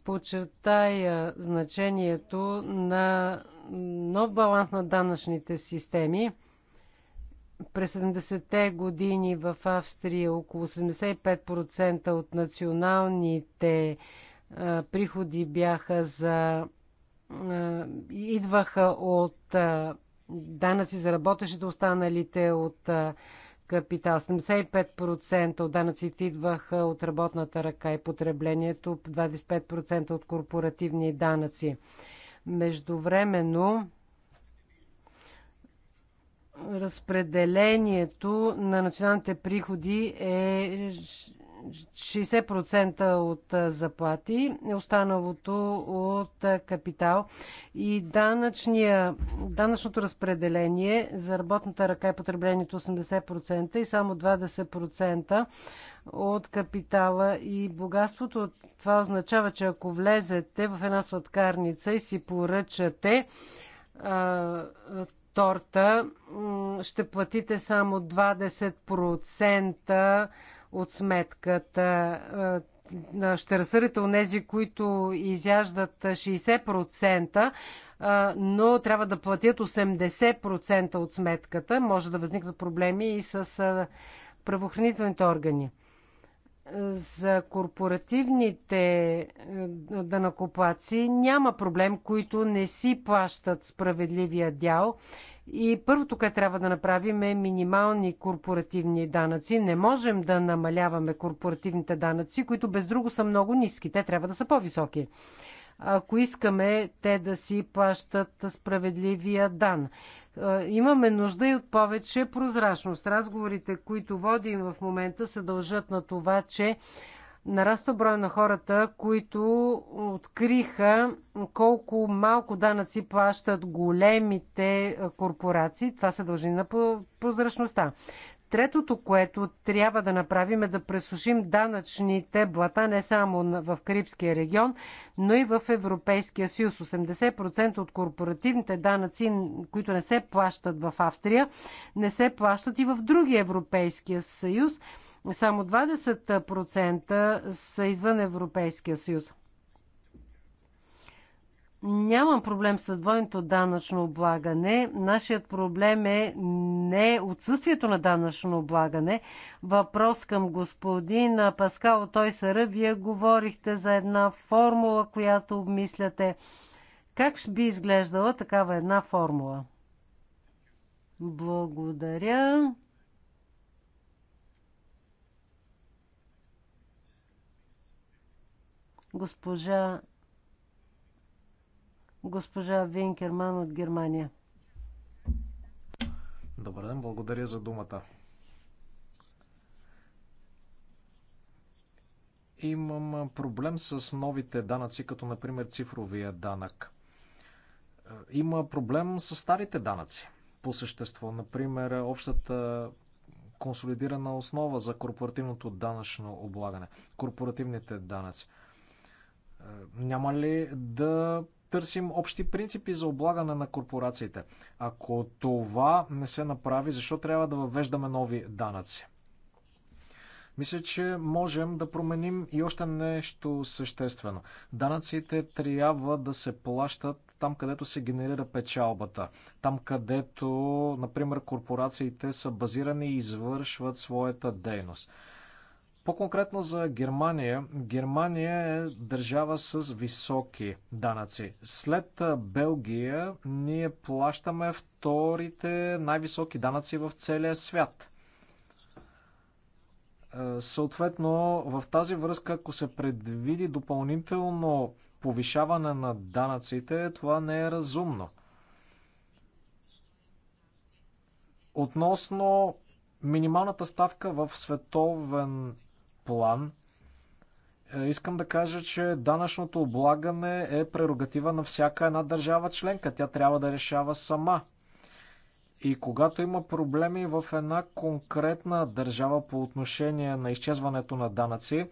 подчертая значението на нов баланс на данъчните системи през 70-те години в Австрия около 85% от националните а, приходи бяха за. А, идваха от а, данъци за работещите, останалите от а, капитал. 75% от данъците идваха от работната ръка и потреблението, 25% от корпоративни данъци. Междувременно, разпределението на националните приходи е 60% от заплати, е останалото от капитал. И данъчния, данъчното разпределение за работната ръка и потреблението 80% и само 20% от капитала и богатството. Това означава, че ако влезете в една сладкарница и си поръчате а, торта ще платите само 20% от сметката. Е, е, ще разсърдите от тези, които изяждат 60%, е, но трябва да платят 80% от сметката. Може да възникнат проблеми и с правоохранителните органи за корпоративните е, данакоплаци няма проблем, които не си плащат справедливия дял. И първото, което трябва да направим е минимални корпоративни данъци. Не можем да намаляваме корпоративните данъци, които без друго са много ниски. Те трябва да са по-високи ако искаме те да си плащат справедливия дан. Е, имаме нужда и от повече прозрачност. Разговорите, които водим в момента, се дължат на това, че нараства брой на хората, които откриха колко малко данъци плащат големите корпорации. Това се дължи на прозрачността. Третото, което трябва да направим е да пресушим данъчните блата не само в Карибския регион, но и в Европейския съюз. 80% от корпоративните данъци, които не се плащат в Австрия, не се плащат и в други Европейския съюз. Само 20% са извън Европейския съюз нямам проблем с двойното данъчно облагане. Нашият проблем е не отсъствието на данъчно облагане. Въпрос към господин Паскал Тойсъра. Вие говорихте за една формула, която обмисляте. Как ще би изглеждала такава една формула? Благодаря. Госпожа госпожа Винкерман от Германия. Добър ден, благодаря за думата. Имам проблем с новите данъци, като например цифровия данък. Има проблем с старите данъци по същество. Например, общата консолидирана основа за корпоративното данъчно облагане, корпоративните данъци. Е, няма ли да търсим общи принципи за облагане на корпорациите. Ако това не се направи, защо трябва да въвеждаме нови данъци? Мисля, че можем да променим и още нещо съществено. Данъците трябва да се плащат там, където се генерира печалбата. Там, където, например, корпорациите са базирани и извършват своята дейност. По-конкретно за Германия. Германия е държава с високи данъци. След Белгия ние плащаме вторите най-високи данъци в целия свят. Съответно, в тази връзка, ако се предвиди допълнително повишаване на данъците, това не е разумно. Относно минималната ставка в световен план, е, искам да кажа, че данъчното облагане е прерогатива на всяка една държава членка. Тя трябва да решава сама. И когато има проблеми в една конкретна държава по отношение на изчезването на данъци,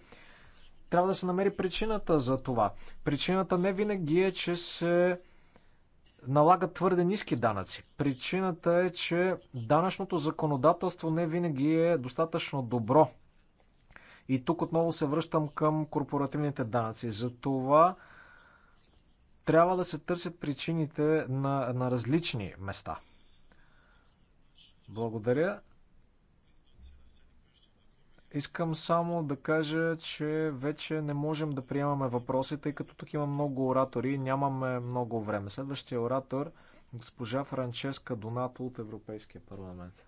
трябва да се намери причината за това. Причината не винаги е, че се налага твърде ниски данъци. Причината е, че данъчното законодателство не винаги е достатъчно добро и тук отново се връщам към корпоративните данъци. За това трябва да се търсят причините на, на различни места. Благодаря. Искам само да кажа, че вече не можем да приемаме въпроси, тъй като тук има много оратори и нямаме много време. Следващия оратор госпожа Франческа Донато от Европейския парламент.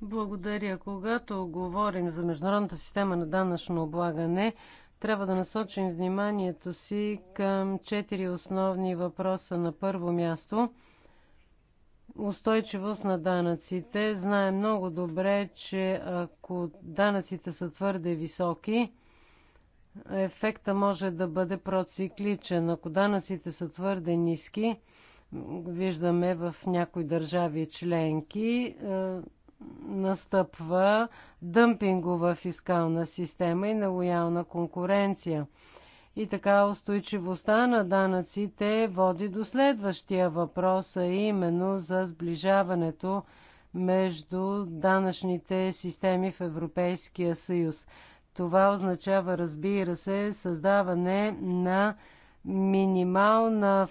Благодаря. Когато говорим за международната система на данъчно облагане, трябва да насочим вниманието си към четири основни въпроса. На първо място устойчивост на данъците. Знаем много добре, че ако данъците са твърде високи, ефекта може да бъде процикличен. Ако данъците са твърде ниски, виждаме в някои държави членки, настъпва дъмпингова фискална система и нелоялна конкуренция. И така устойчивостта на данъците води до следващия въпрос, а именно за сближаването между данъчните системи в Европейския съюз. Това означава, разбира се, създаване на минимална,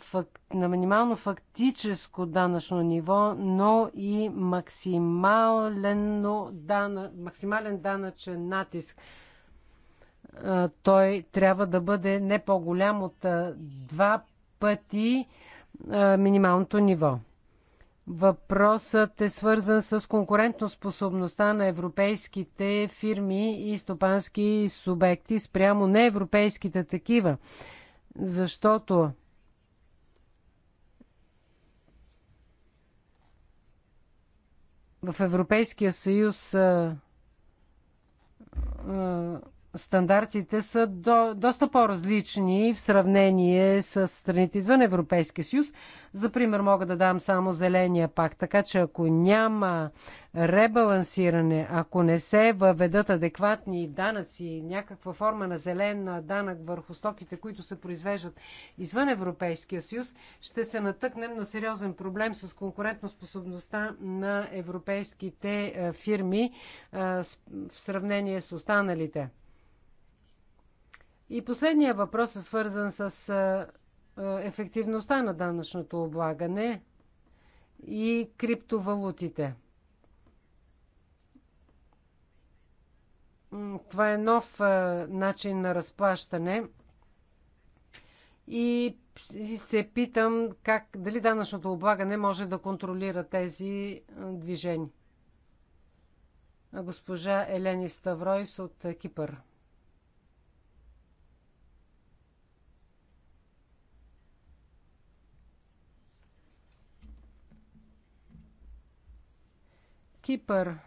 на минимално фактическо данъчно ниво, но и максимален, дана, максимален данъчен натиск. Той трябва да бъде не по-голям от два пъти минималното ниво. Въпросът е свързан с конкурентоспособността на европейските фирми и стопански субекти спрямо неевропейските такива защото в Европейския съюз а, а, стандартите са до, доста по-различни в сравнение с страните извън Европейския съюз. За пример мога да дам само зеления пак, така че ако няма ребалансиране, ако не се въведат адекватни данъци, някаква форма на зелен данък върху стоките, които се произвеждат извън Европейския съюз, ще се натъкнем на сериозен проблем с конкурентоспособността на европейските фирми в сравнение с останалите. И последния въпрос е свързан с ефективността на данъчното облагане и криптовалутите. Това е нов начин на разплащане и се питам как, дали данъчното облагане може да контролира тези движения. Госпожа Елени Ставройс от Кипър. Кипър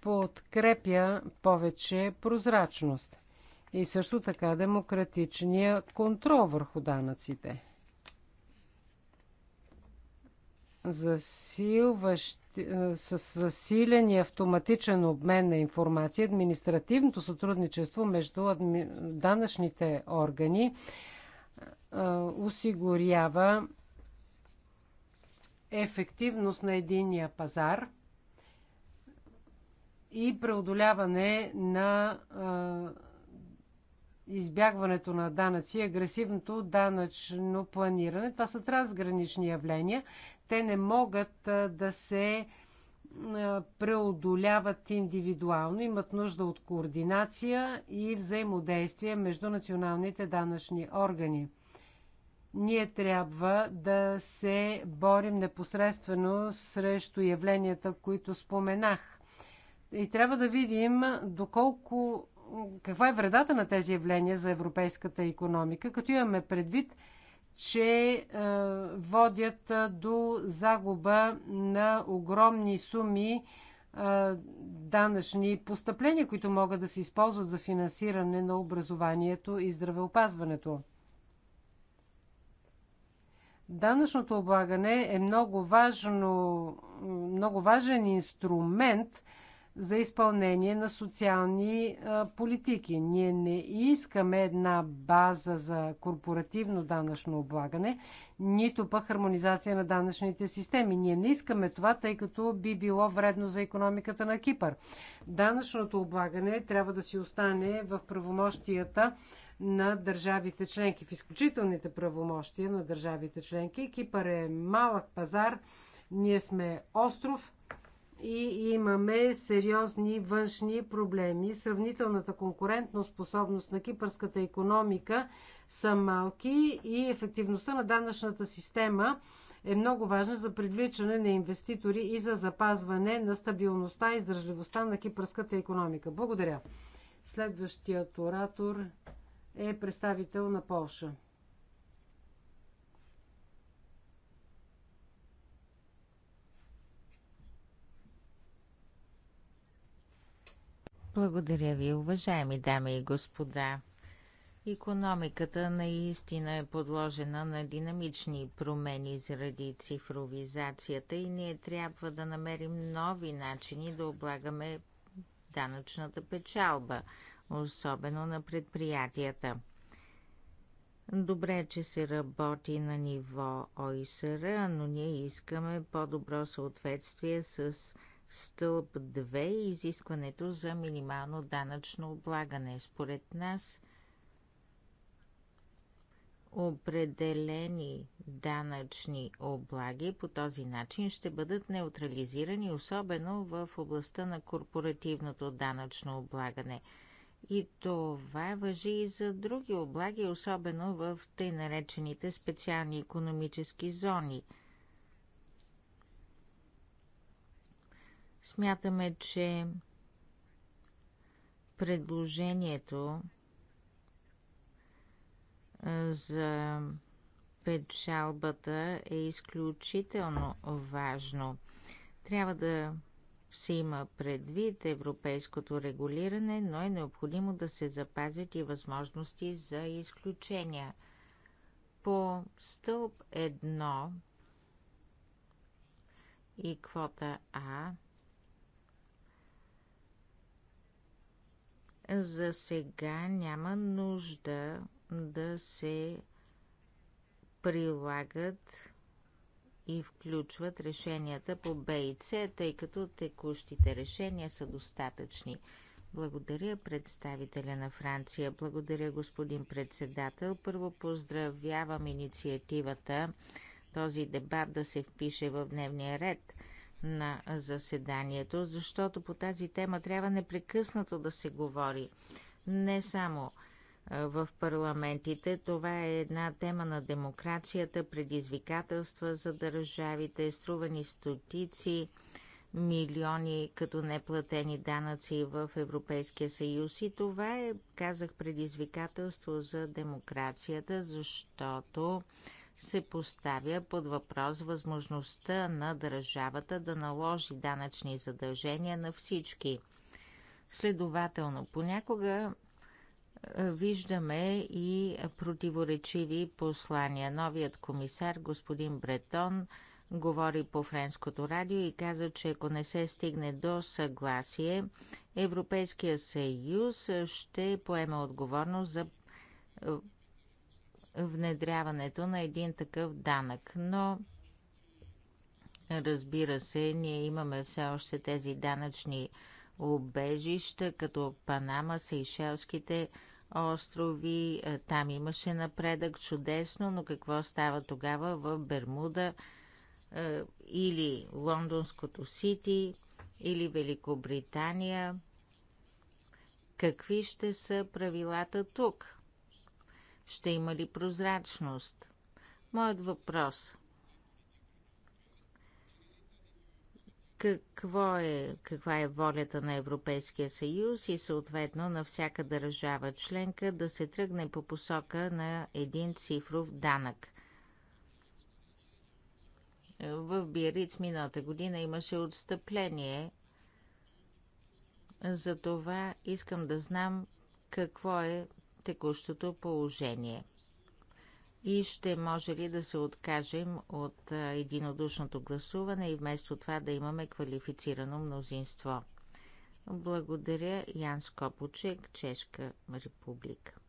подкрепя повече прозрачност и също така демократичния контрол върху данъците. Засилващ, е, с и автоматичен обмен на информация, административното сътрудничество между адми... данъчните органи а, е, осигурява ефективност на единия пазар – и преодоляване на избягването на данъци, агресивното данъчно планиране. Това са трансгранични явления. Те не могат да се преодоляват индивидуално, имат нужда от координация и взаимодействие между националните данъчни органи. Ние трябва да се борим непосредствено срещу явленията, които споменах – и трябва да видим доколко каква е вредата на тези явления за европейската економика, като имаме предвид, че е, водят е, до загуба на огромни суми е, данъчни постъпления, които могат да се използват за финансиране на образованието и здравеопазването. Данъчното облагане е много, важно, много важен инструмент – за изпълнение на социални политики. Ние не искаме една база за корпоративно данъчно облагане, нито пък хармонизация на данъчните системи. Ние не искаме това, тъй като би било вредно за економиката на Кипър. Данъчното облагане трябва да си остане в правомощията на държавите членки, в изключителните правомощия на държавите членки. Кипър е малък пазар, ние сме остров, и имаме сериозни външни проблеми. Сравнителната конкурентна способност на кипърската економика са малки и ефективността на данъчната система е много важна за привличане на инвеститори и за запазване на стабилността и издържливостта на кипърската економика. Благодаря. Следващият оратор е представител на Полша. Благодаря ви, уважаеми дами и господа. Економиката наистина е подложена на динамични промени заради цифровизацията и ние трябва да намерим нови начини да облагаме данъчната печалба, особено на предприятията. Добре, е, че се работи на ниво ОИСР, но ние искаме по-добро съответствие с стълб 2 и е изискването за минимално данъчно облагане. Според нас определени данъчни облаги по този начин ще бъдат неутрализирани, особено в областта на корпоративното данъчно облагане. И това въжи и за други облаги, особено в тъй наречените специални економически зони – Смятаме, че предложението за печалбата е изключително важно. Трябва да се има предвид европейското регулиране, но е необходимо да се запазят и възможности за изключения. По стълб 1 и квота А За сега няма нужда да се прилагат и включват решенията по Б и С, тъй като текущите решения са достатъчни. Благодаря представителя на Франция. Благодаря господин председател. Първо поздравявам инициативата този дебат да се впише в дневния ред – на заседанието, защото по тази тема трябва непрекъснато да се говори. Не само в парламентите. Това е една тема на демокрацията, предизвикателства за държавите, струвани стотици милиони като неплатени данъци в Европейския съюз. И това е, казах, предизвикателство за демокрацията, защото се поставя под въпрос възможността на държавата да наложи данъчни задължения на всички. Следователно, понякога е, виждаме и противоречиви послания. Новият комисар, господин Бретон, говори по френското радио и каза, че ако не се стигне до съгласие, Европейския съюз ще поеме отговорност за е, внедряването на един такъв данък. Но, разбира се, ние имаме все още тези данъчни убежища, като Панама, Сейшелските острови. Е, там имаше напредък, чудесно, но какво става тогава в Бермуда е, или Лондонското Сити или Великобритания? Какви ще са правилата тук? Ще има ли прозрачност? Моят въпрос. Какво е, каква е волята на Европейския съюз и съответно на всяка държава членка да се тръгне по посока на един цифров данък? В Биариц миналата година имаше отстъпление за това искам да знам какво е текущото положение? И ще може ли да се откажем от единодушното гласуване и вместо това да имаме квалифицирано мнозинство? Благодаря Ян Скопочек, Чешка република.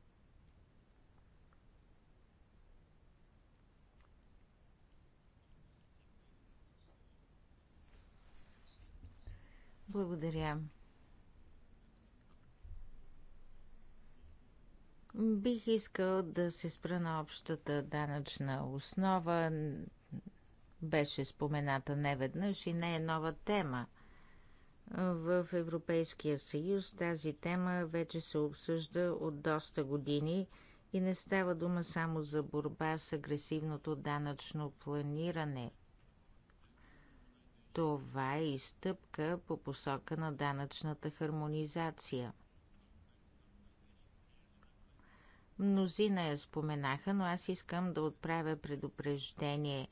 Благодаря. Бих искал да се спра на общата данъчна основа. Беше спомената неведнъж и не е нова тема. В Европейския съюз тази тема вече се обсъжда от доста години и не става дума само за борба с агресивното данъчно планиране. Това е и стъпка по посока на данъчната хармонизация. Мнозина я споменаха, но аз искам да отправя предупреждение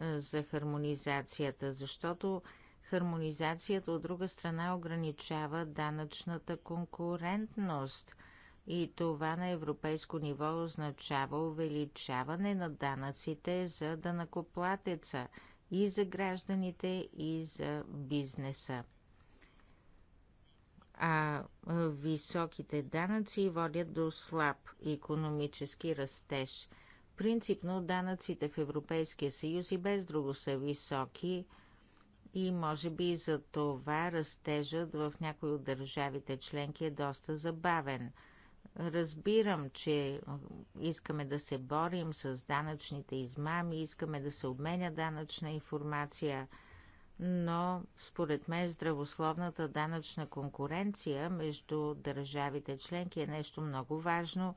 за хармонизацията, защото хармонизацията от друга страна ограничава данъчната конкурентност – и това на европейско ниво означава увеличаване на данъците за данъкоплатеца и за гражданите, и за бизнеса а високите данъци водят до слаб економически растеж. Принципно данъците в Европейския съюз и без друго са високи и може би за това растежът в някои от държавите членки е доста забавен. Разбирам, че искаме да се борим с данъчните измами, искаме да се обменя данъчна информация – но според мен здравословната данъчна конкуренция между държавите членки е нещо много важно,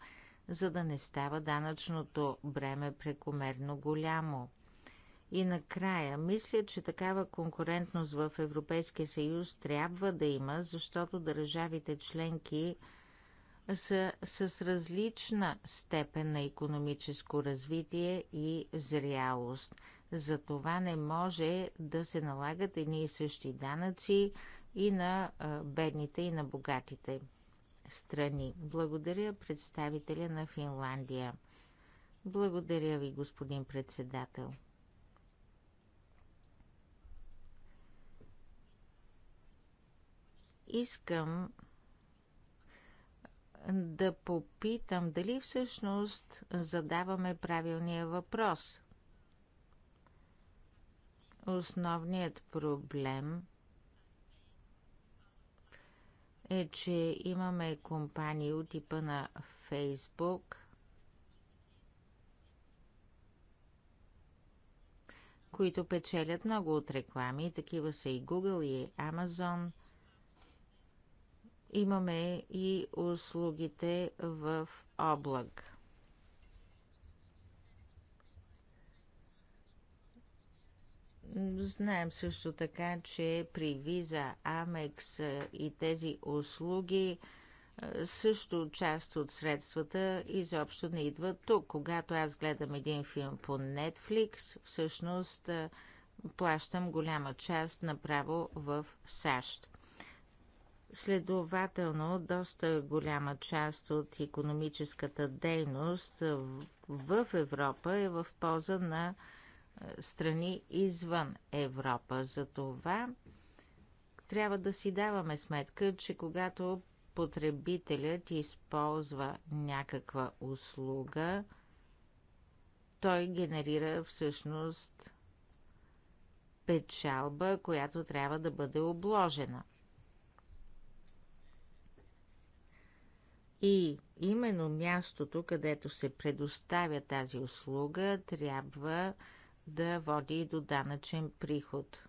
за да не става данъчното бреме прекомерно голямо. И накрая, мисля, че такава конкурентност в Европейския съюз трябва да има, защото държавите членки са с различна степен на економическо развитие и зрялост – за това не може да се налагат едни и същи данъци и на бедните, и на богатите страни. Благодаря представителя на Финландия. Благодаря ви, господин председател. Искам да попитам дали всъщност задаваме правилния въпрос – Основният проблем е, че имаме компании от типа на Facebook. които печелят много от реклами. Такива са и Google, и Amazon. Имаме и услугите в облак. Знаем също така, че при виза, Амекс и тези услуги също част от средствата изобщо не идват тук. Когато аз гледам един филм по Netflix, всъщност плащам голяма част направо в САЩ. Следователно, доста голяма част от економическата дейност в Европа е в полза на страни извън Европа. Затова трябва да си даваме сметка, че когато потребителят използва някаква услуга, той генерира всъщност печалба, която трябва да бъде обложена. И именно мястото, където се предоставя тази услуга, трябва да да води и до данъчен приход.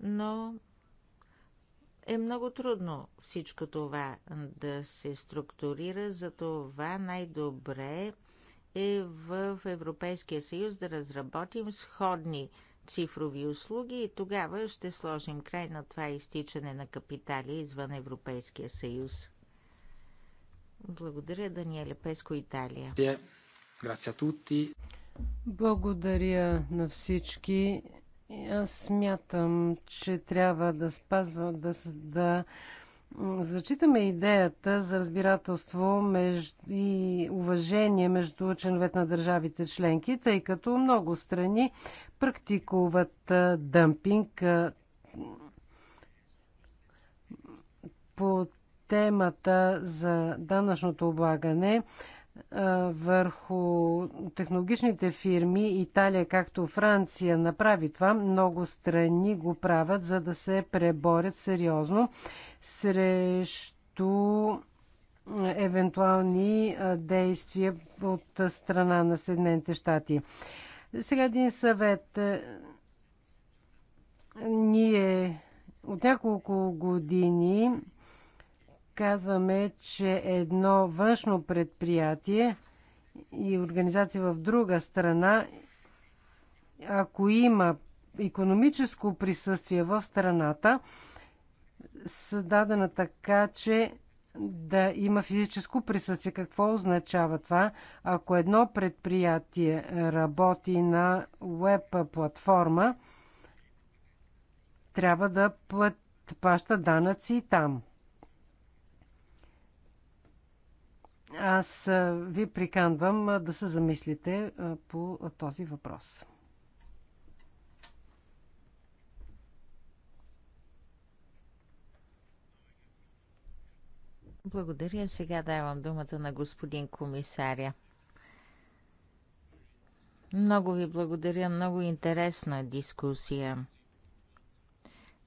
Но е много трудно всичко това да се структурира, затова най-добре е в Европейския съюз да разработим сходни цифрови услуги и тогава ще сложим край на това изтичане на капитали извън Европейския съюз. Благодаря, Даниеле Песко, Италия. Grazie благодаря на всички. Аз смятам, че трябва да спазвам да, да зачитаме идеята за разбирателство между, и уважение между членовете на държавите членки, тъй като много страни практикуват дъмпинг по темата за данъчното облагане върху технологичните фирми. Италия, както Франция, направи това. Много страни го правят, за да се преборят сериозно срещу евентуални действия от страна на Съединените щати. Сега един съвет. Ние от няколко години казваме, че едно външно предприятие и организация в друга страна, ако има економическо присъствие в страната, създадена така, че да има физическо присъствие. Какво означава това? Ако едно предприятие работи на веб платформа, трябва да плаща данъци и там. аз ви приканвам да се замислите по този въпрос. Благодаря. Сега давам думата на господин комисаря. Много ви благодаря. Много интересна дискусия.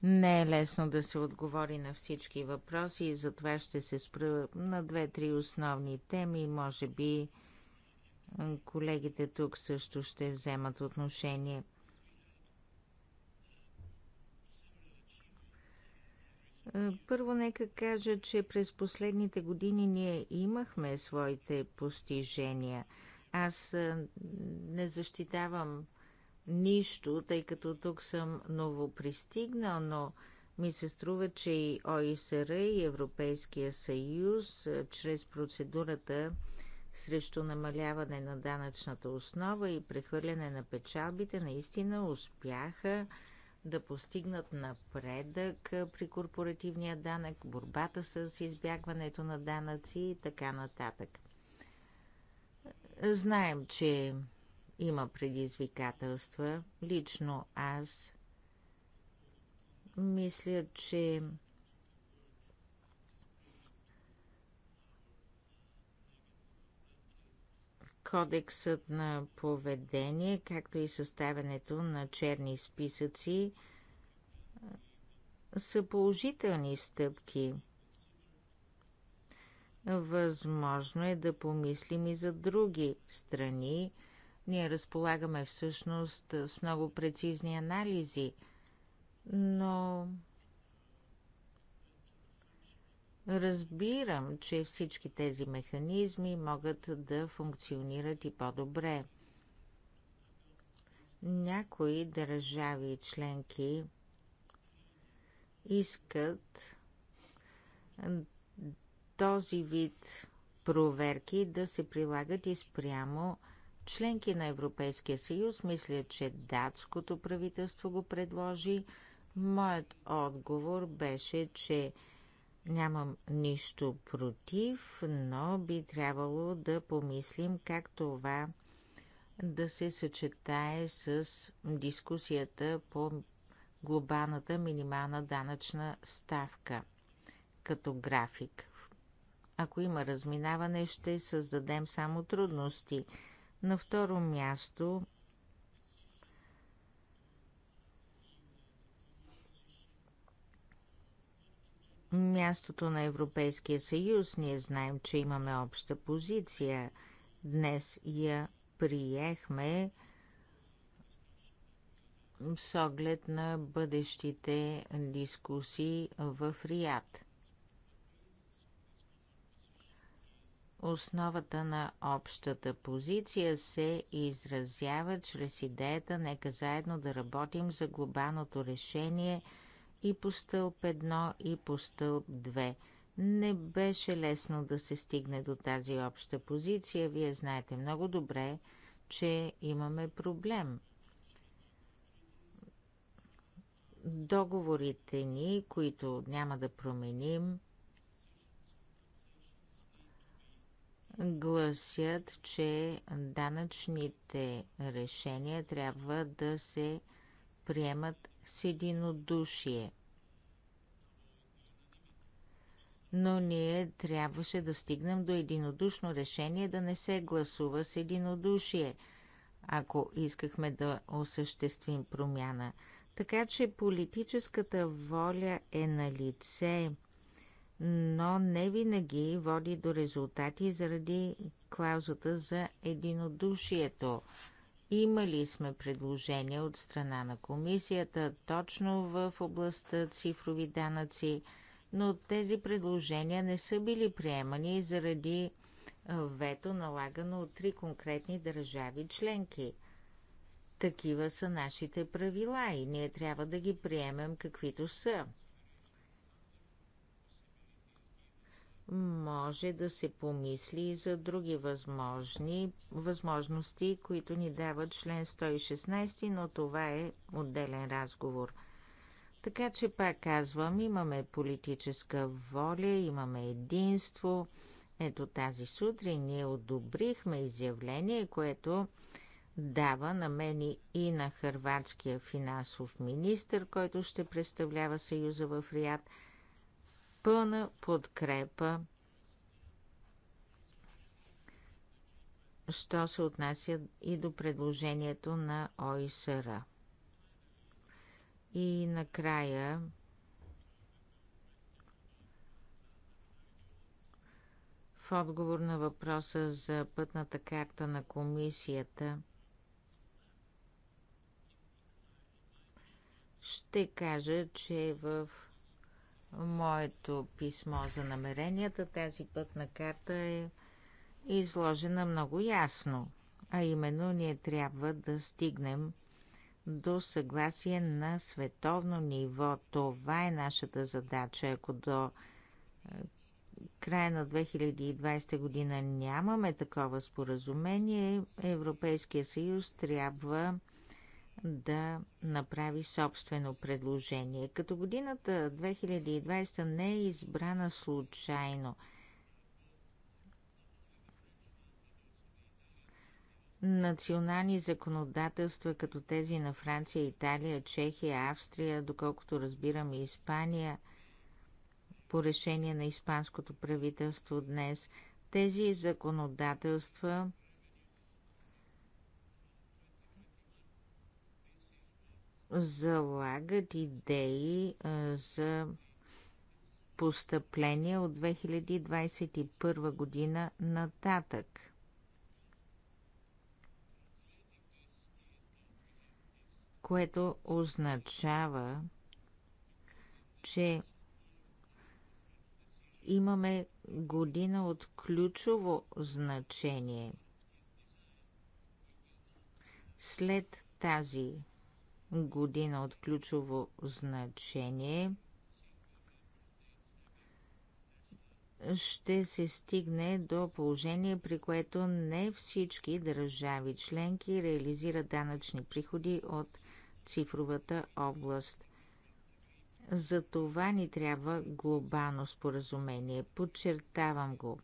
Не е лесно да се отговори на всички въпроси затова ще се спра на две-три основни теми. Може би колегите тук също ще вземат отношение. Е, първо нека кажа, че през последните години ние имахме своите постижения. Аз е, не защитавам нищо, тъй като тук съм новопристигнал, но ми се струва, че и ОИСР и Европейския съюз чрез процедурата срещу намаляване на данъчната основа и прехвърляне на печалбите наистина успяха да постигнат напредък при корпоративния данък, борбата с избягването на данъци и така нататък. Знаем, че има предизвикателства. Лично аз мисля, че кодексът на поведение, както и съставянето на черни списъци, са положителни стъпки. Възможно е да помислим и за други страни, ние разполагаме всъщност с много прецизни анализи, но разбирам, че всички тези механизми могат да функционират и по-добре. Някои държави и членки искат този вид проверки да се прилагат и спрямо членки на Европейския съюз. Мисля, че датското правителство го предложи. Моят отговор беше, че нямам нищо против, но би трябвало да помислим как това да се съчетае с дискусията по глобалната минимална данъчна ставка като график. Ако има разминаване, ще създадем само трудности – на второ място мястото на Европейския съюз. Ние знаем, че имаме обща позиция. Днес я приехме с оглед на бъдещите дискусии в Риад. Основата на общата позиция се изразява чрез идеята нека заедно да работим за глобалното решение и по стълб 1 и по стълб 2. Не беше лесно да се стигне до тази обща позиция. Вие знаете много добре, че имаме проблем. Договорите ни, които няма да променим, гласят, че данъчните решения трябва да се приемат с единодушие. Но ние трябваше да стигнем до единодушно решение да не се гласува с единодушие, ако искахме да осъществим промяна. Така че политическата воля е на лице – но не винаги води до резултати заради клаузата за единодушието. Имали сме предложения от страна на комисията точно в областта цифрови данъци, но тези предложения не са били приемани заради вето налагано от три конкретни държави членки. Такива са нашите правила и ние трябва да ги приемем каквито са. може да се помисли и за други възможни възможности, които ни дават член 116, но това е отделен разговор. Така че пак казвам, имаме политическа воля, имаме единство. Ето тази сутрин ние одобрихме изявление, което дава на мен и на хърватския финансов министр, който ще представлява Съюза в Риад – пълна подкрепа, що се отнася и до предложението на ОИСР. И накрая в отговор на въпроса за пътната карта на комисията – ще кажа, че в моето писмо за намеренията. Тази пътна карта е изложена много ясно, а именно ние трябва да стигнем до съгласие на световно ниво. Това е нашата задача. Ако до е, края на 2020 година нямаме такова споразумение, Европейския съюз трябва да направи собствено предложение. Като годината 2020 не е избрана случайно. Национални законодателства, като тези на Франция, Италия, Чехия, Австрия, доколкото разбирам и Испания, по решение на испанското правителство днес, тези законодателства залагат идеи за постъпления от 2021 година нататък. Което означава, че имаме година от ключово значение. След тази година от ключово значение ще се стигне до положение, при което не всички държави членки реализират данъчни приходи от цифровата област. За това ни трябва глобално споразумение. Подчертавам го.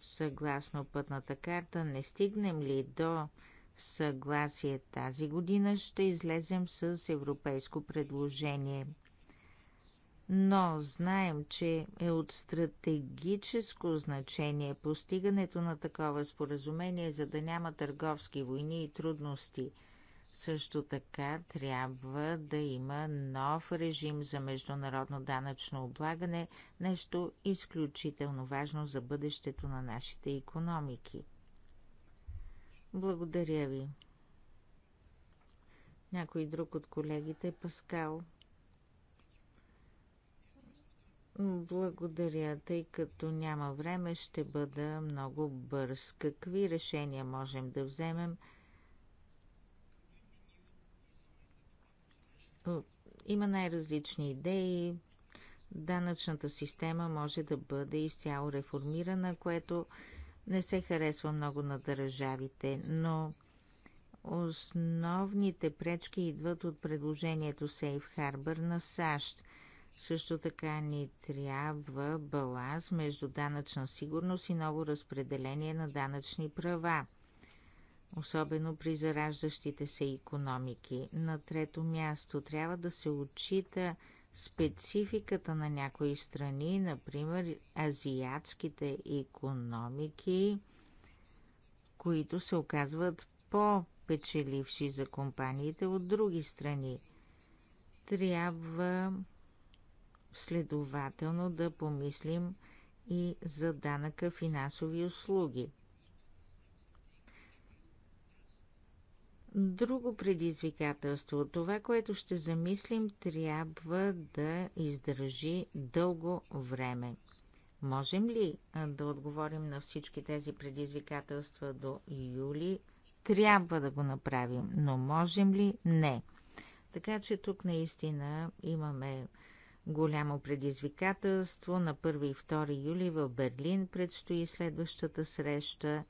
Съгласно пътната карта, не стигнем ли до съгласие тази година ще излезем с европейско предложение. Но знаем, че е от стратегическо значение постигането на такова споразумение, за да няма търговски войни и трудности. Също така трябва да има нов режим за международно данъчно облагане, нещо изключително важно за бъдещето на нашите економики. Благодаря ви. Някой друг от колегите, Паскал. Благодаря, тъй като няма време, ще бъда много бърз. Какви решения можем да вземем? Има най-различни идеи. Данъчната система може да бъде изцяло реформирана, което не се харесва много на държавите, но основните пречки идват от предложението Safe Harbor на САЩ. Също така ни трябва баланс между данъчна сигурност и ново разпределение на данъчни права, особено при зараждащите се економики. На трето място трябва да се отчита спецификата на някои страни, например азиатските економики, които се оказват по-печеливши за компаниите от други страни. Трябва следователно да помислим и за данъка финансови услуги – Друго предизвикателство, това, което ще замислим, трябва да издържи дълго време. Можем ли да отговорим на всички тези предизвикателства до юли? Трябва да го направим, но можем ли? Не. Така че тук наистина имаме голямо предизвикателство. На 1 и 2 юли в Берлин предстои следващата среща.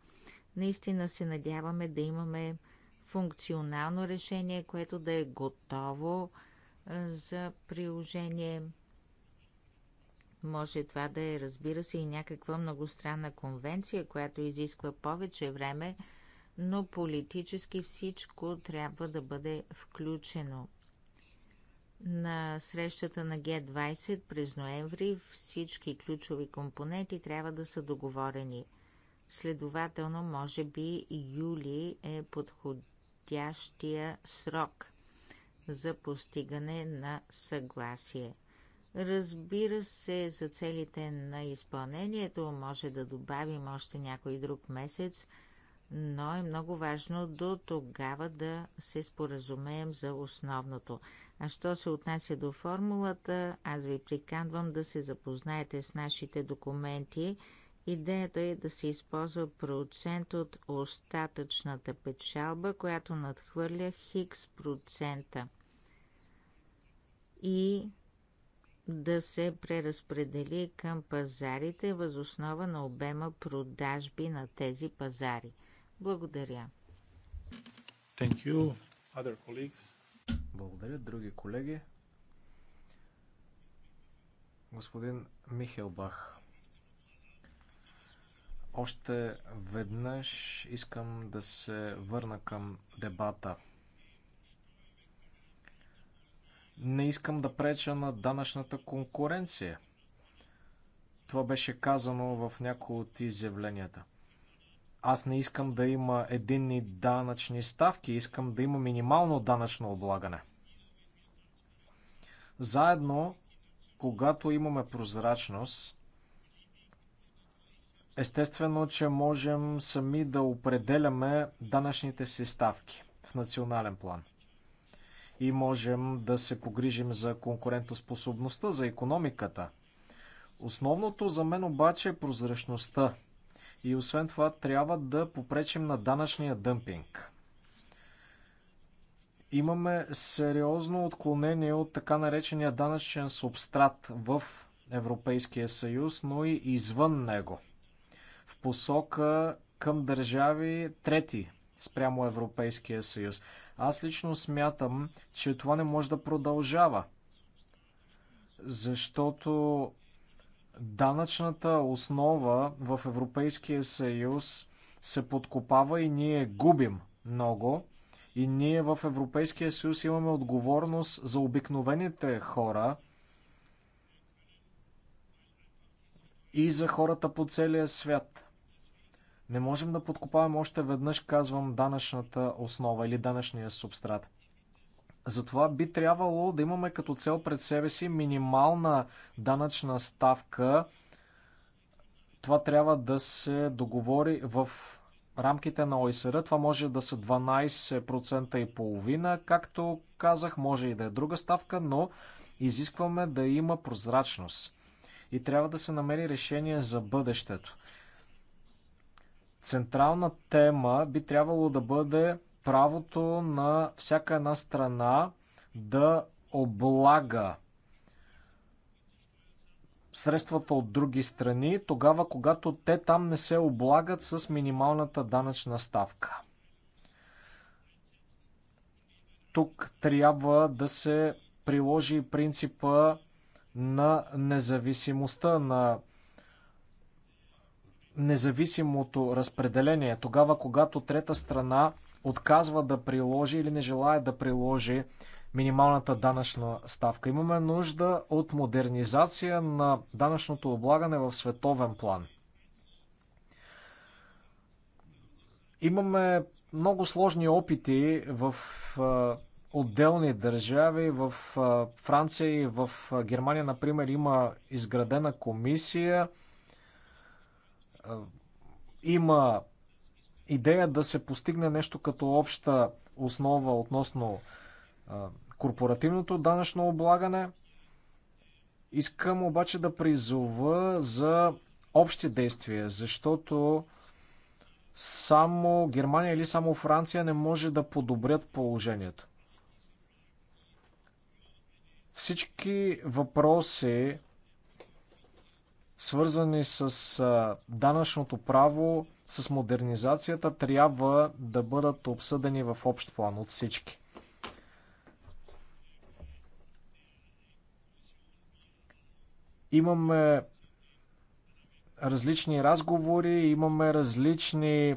Наистина се надяваме да имаме функционално решение, което да е готово за приложение. Може това да е, разбира се, и някаква многостранна конвенция, която изисква повече време, но политически всичко трябва да бъде включено. На срещата на Г-20 през ноември всички ключови компоненти трябва да са договорени. Следователно, може би юли е подходящ подходящия срок за постигане на съгласие. Разбира се, за целите на изпълнението може да добавим още някой друг месец, но е много важно до тогава да се споразумеем за основното. А що се отнася до формулата, аз ви приканвам да се запознаете с нашите документи – Идеята е да се използва процент от остатъчната печалба, която надхвърля хикс процента и да се преразпредели към пазарите възоснова на обема продажби на тези пазари. Благодаря. Thank you. Other colleagues. Благодаря, други колеги. Господин Михел Бах. Още веднъж искам да се върна към дебата. Не искам да преча на данъчната конкуренция. Това беше казано в някои от изявленията. Аз не искам да има единни данъчни ставки, искам да има минимално данъчно облагане. Заедно, когато имаме прозрачност, Естествено, че можем сами да определяме данъчните си ставки в национален план. И можем да се погрижим за конкурентоспособността, за економиката. Основното за мен обаче е прозрачността. И освен това трябва да попречим на данъчния дъмпинг. Имаме сериозно отклонение от така наречения данъчен субстрат в Европейския съюз, но и извън него – в посока към държави трети спрямо Европейския съюз. Аз лично смятам, че това не може да продължава, защото данъчната основа в Европейския съюз се подкопава и ние губим много. И ние в Европейския съюз имаме отговорност за обикновените хора и за хората по целия свят. Не можем да подкопаваме още веднъж, казвам, данъчната основа или данъчния субстрат. Затова би трябвало да имаме като цел пред себе си минимална данъчна ставка. Това трябва да се договори в рамките на ОИСР. Това може да са 12% и половина, както казах, може и да е друга ставка, но изискваме да има прозрачност. И трябва да се намери решение за бъдещето. Централна тема би трябвало да бъде правото на всяка една страна да облага средствата от други страни, тогава когато те там не се облагат с минималната данъчна ставка. Тук трябва да се приложи принципа на независимостта на независимото разпределение, тогава когато трета страна отказва да приложи или не желая да приложи минималната данъчна ставка. Имаме нужда от модернизация на данъчното облагане в световен план. Имаме много сложни опити в отделни държави. В Франция и в Германия, например, има изградена комисия – има идея да се постигне нещо като обща основа относно корпоративното данъчно облагане. Искам обаче да призова за общи действия, защото само Германия или само Франция не може да подобрят положението. Всички въпроси, свързани с данъчното право, с модернизацията, трябва да бъдат обсъдени в общ план от всички. Имаме различни разговори, имаме различни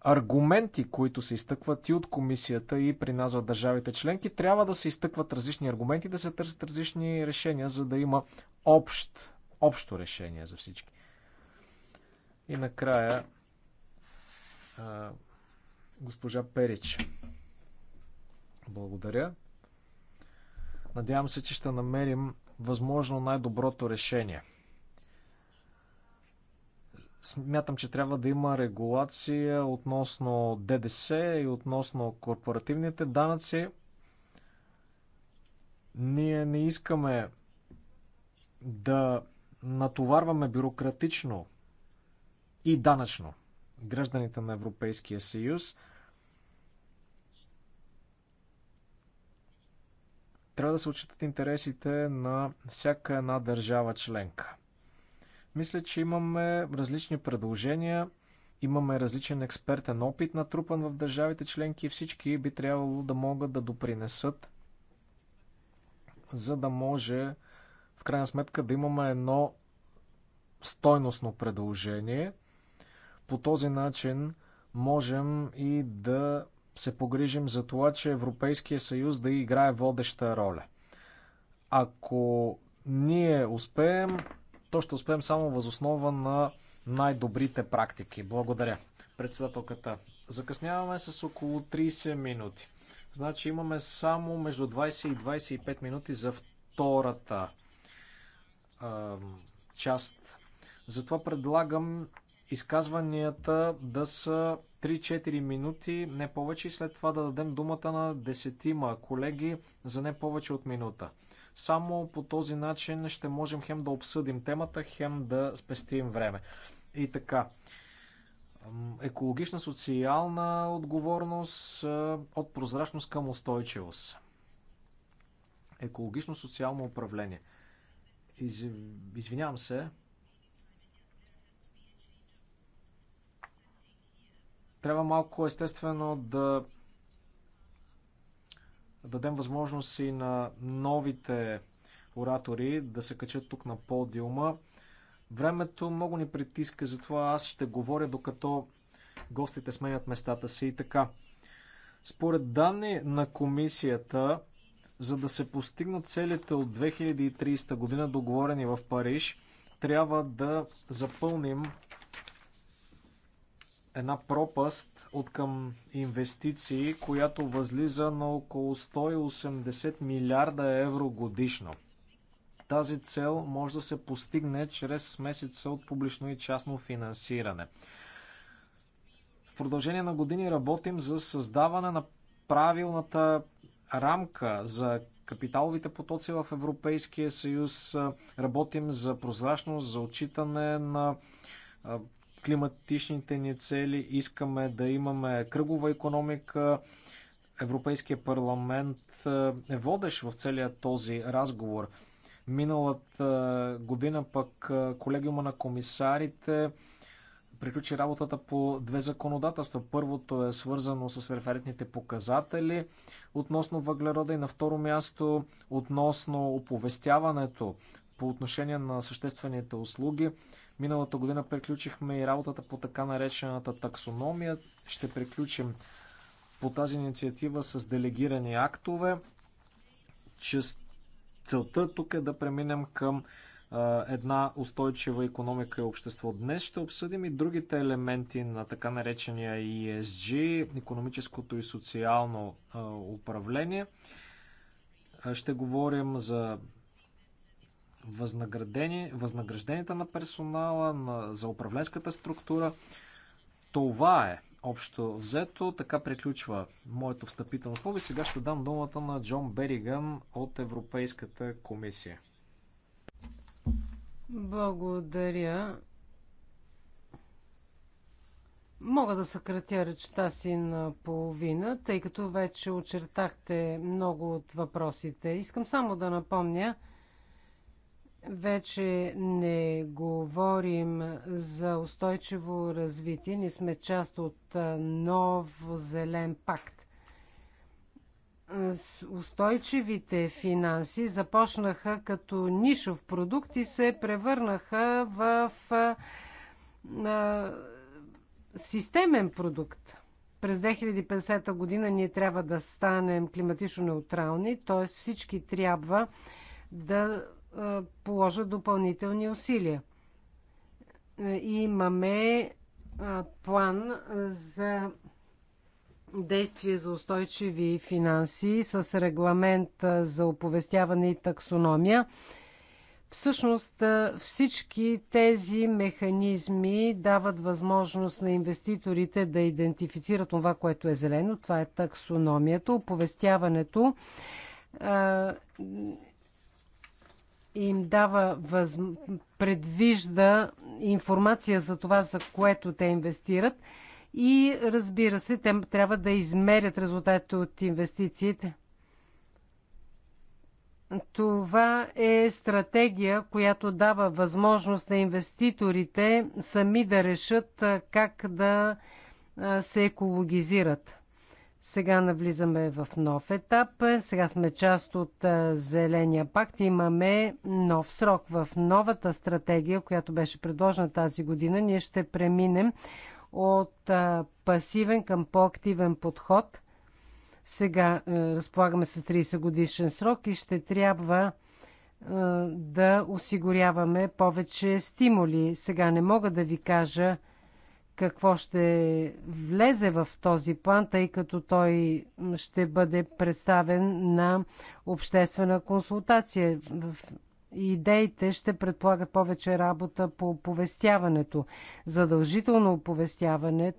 аргументи, които се изтъкват и от комисията и при нас в държавите членки, трябва да се изтъкват различни аргументи, да се търсят различни решения, за да има общ общо решение за всички. И накрая а, госпожа Перич. Благодаря. Надявам се, че ще намерим възможно най-доброто решение. Смятам, че трябва да има регулация относно ДДС и относно корпоративните данъци. Ние не искаме да натоварваме бюрократично и данъчно гражданите на Европейския съюз. Трябва да се отчитат интересите на всяка една държава членка. Мисля, че имаме различни предложения, имаме различен експертен опит натрупан в държавите членки и всички би трябвало да могат да допринесат, за да може в крайна сметка да имаме едно стойностно предложение. По този начин можем и да се погрижим за това, че Европейския съюз да играе водеща роля. Ако ние успеем, то ще успеем само възоснова на най-добрите практики. Благодаря. Председателката, закъсняваме с около 30 минути. Значи имаме само между 20 и 25 минути за втората част. Затова предлагам изказванията да са 3-4 минути, не повече, и след това да дадем думата на десетима колеги за не повече от минута. Само по този начин ще можем хем да обсъдим темата, хем да спестим време. И така, екологична социална отговорност от прозрачност към устойчивост. Екологично социално управление – из... Извинявам се. Трябва малко естествено да дадем възможност и на новите оратори да се качат тук на подиума. Времето много ни притиска, затова аз ще говоря докато гостите сменят местата си и така. Според данни на комисията, за да се постигнат целите от 2030 година, договорени в Париж, трябва да запълним една пропаст от към инвестиции, която възлиза на около 180 милиарда евро годишно. Тази цел може да се постигне чрез смесица от публично и частно финансиране. В продължение на години работим за създаване на правилната рамка за капиталовите потоци в Европейския съюз. Работим за прозрачност, за отчитане на климатичните ни цели. Искаме да имаме кръгова економика. Европейския парламент е водещ в целия този разговор. Миналата година пък колегиума на комисарите приключи работата по две законодателства. Първото е свързано с референтните показатели относно въглерода и на второ място относно оповестяването по отношение на съществените услуги. Миналата година приключихме и работата по така наречената таксономия. Ще приключим по тази инициатива с делегирани актове. Целта тук е да преминем към една устойчива економика и общество. Днес ще обсъдим и другите елементи на така наречения ESG, економическото и социално управление. Ще говорим за възнагражденията на персонала, на, за управленската структура. Това е общо взето. Така приключва моето встъпително слово и сега ще дам думата на Джон Бериган от Европейската комисия. Благодаря. Мога да съкратя речта си на половина, тъй като вече очертахте много от въпросите. Искам само да напомня, вече не говорим за устойчиво развитие. Ние сме част от нов зелен пакт устойчивите финанси започнаха като нишов продукт и се превърнаха в системен продукт. През 2050 година ние трябва да станем климатично неутрални, т.е. всички трябва да положат допълнителни усилия. Имаме план за действие за устойчиви финанси с регламент за оповестяване и таксономия. Всъщност всички тези механизми дават възможност на инвеститорите да идентифицират това, което е зелено. Това е таксономията, оповестяването им дава въз... предвижда информация за това, за което те инвестират и разбира се, те трябва да измерят резултатите от инвестициите. Това е стратегия, която дава възможност на инвеститорите сами да решат как да се екологизират. Сега навлизаме в нов етап. Сега сме част от Зеления пакт. Имаме нов срок. В новата стратегия, която беше предложена тази година, ние ще преминем от пасивен към по-активен подход. Сега разполагаме с 30 годишен срок и ще трябва да осигуряваме повече стимули. Сега не мога да ви кажа какво ще влезе в този план, тъй като той ще бъде представен на обществена консултация идеите ще предполагат повече работа по оповестяването, задължително оповестяване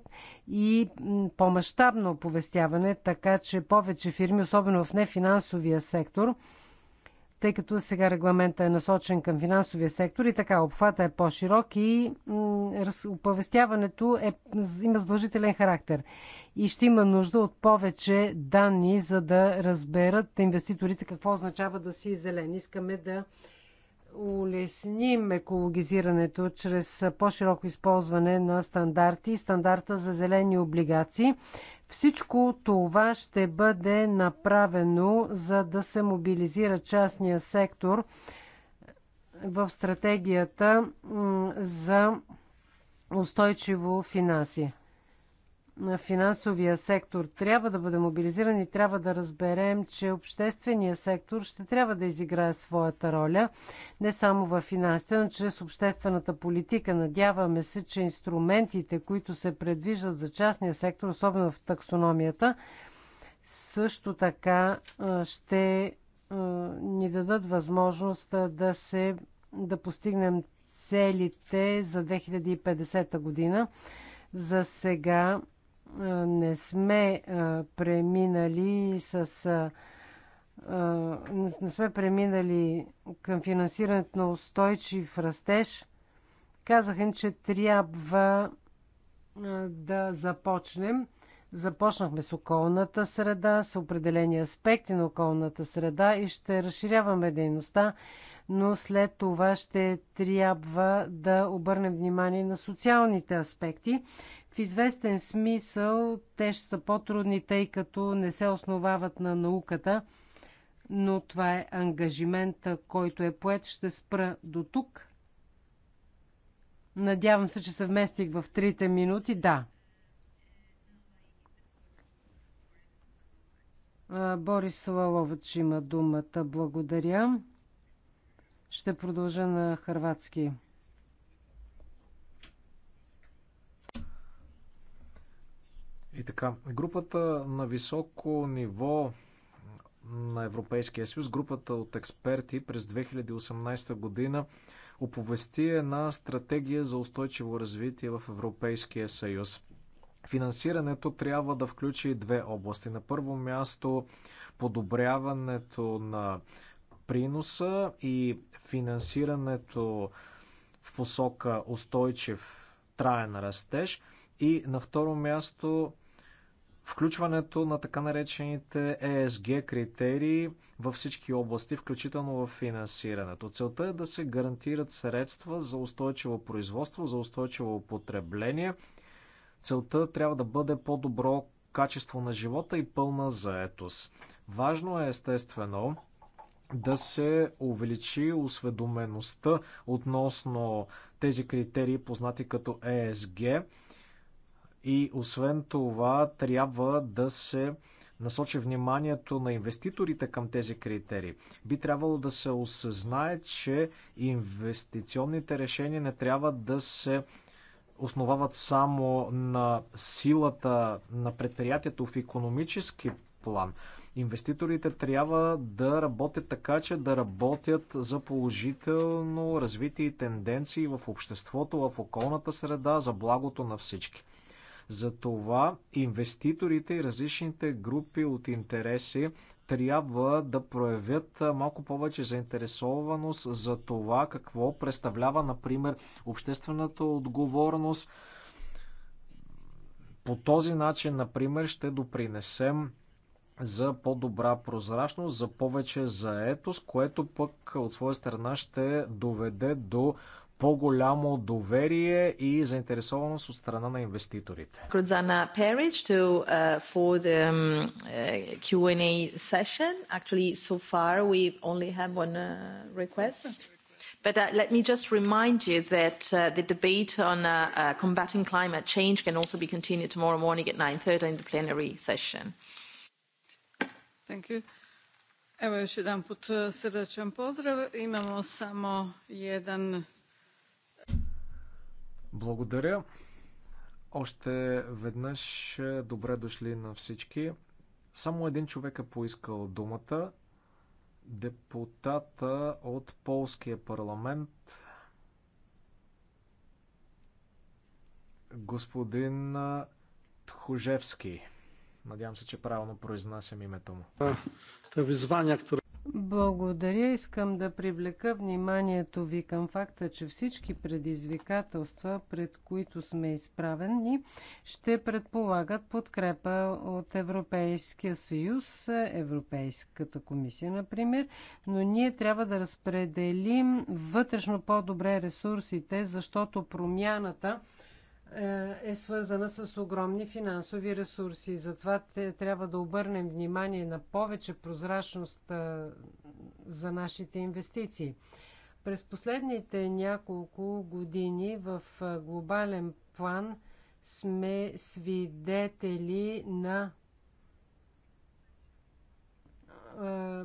и по-масштабно оповестяване, така че повече фирми, особено в нефинансовия сектор, тъй като сега регламента е насочен към финансовия сектор и така обхвата е по-широк и оповестяването е, има задължителен характер. И ще има нужда от повече данни, за да разберат инвеститорите какво означава да си зелен. Искаме да улесним екологизирането чрез по-широко използване на стандарти и стандарта за зелени облигации. Всичко това ще бъде направено, за да се мобилизира частния сектор в стратегията за устойчиво финанси финансовия сектор трябва да бъде мобилизиран и трябва да разберем, че обществения сектор ще трябва да изиграе своята роля, не само в финансите, но чрез обществената политика. Надяваме се, че инструментите, които се предвиждат за частния сектор, особено в таксономията, също така ще ни дадат възможност да се да постигнем целите за 2050 година. За сега не сме преминали с не сме преминали към финансирането на устойчив растеж, казаха, че трябва да започнем. Започнахме с околната среда, с определени аспекти на околната среда и ще разширяваме дейността, но след това ще трябва да обърнем внимание на социалните аспекти в известен смисъл те ще са по-трудни, тъй като не се основават на науката, но това е ангажимент, който е поет. Ще спра до тук. Надявам се, че се вместих в трите минути. Да. Борис Слалович има думата. Благодаря. Ще продължа на хрватски. И така, групата на високо ниво на Европейския съюз, групата от експерти през 2018 година оповести една стратегия за устойчиво развитие в Европейския съюз. Финансирането трябва да включи две области. На първо място подобряването на приноса и финансирането в посока устойчив траен растеж. И на второ място включването на така наречените ESG критерии във всички области, включително в финансирането. Целта е да се гарантират средства за устойчиво производство, за устойчиво потребление. Целта трябва да бъде по-добро качество на живота и пълна заетост. Важно е естествено да се увеличи осведомеността относно тези критерии, познати като ESG. И освен това, трябва да се насочи вниманието на инвеститорите към тези критерии. Би трябвало да се осъзнае, че инвестиционните решения не трябва да се основават само на силата на предприятието в економически план. Инвеститорите трябва да работят така, че да работят за положително развитие и тенденции в обществото, в околната среда, за благото на всички. Затова инвеститорите и различните групи от интереси трябва да проявят малко повече заинтересованост за това какво представлява, например, обществената отговорност. По този начин, например, ще допринесем за по-добра прозрачност, за повече заетост, което пък от своя страна ще доведе до по-голямо доверие и заинтересованост от страна на инвеститорите. Грудзана Перич to, uh, for the um, uh, Q&A session. Actually, so far we only have one uh, request. But uh, let me just remind you that uh, the debate on uh, uh, combating climate change can also be continued tomorrow morning at 9.30 in the plenary session. Thank you. Evo još jedan put srdačan pozdrav. Imamo samo jedan благодаря. Още веднъж е, добре дошли на всички. Само един човек е поискал думата. Депутата от Полския парламент, господин е, Тхужевски. Надявам се, че правилно произнасям името му. Е, те визвание, благодаря. Искам да привлека вниманието ви към факта, че всички предизвикателства, пред които сме изправени, ще предполагат подкрепа от Европейския съюз, Европейската комисия, например, но ние трябва да разпределим вътрешно по-добре ресурсите, защото промяната е, е свързана с огромни финансови ресурси. Затова трябва да обърнем внимание на повече прозрачност е, за нашите инвестиции. През последните няколко години в е, глобален план сме свидетели на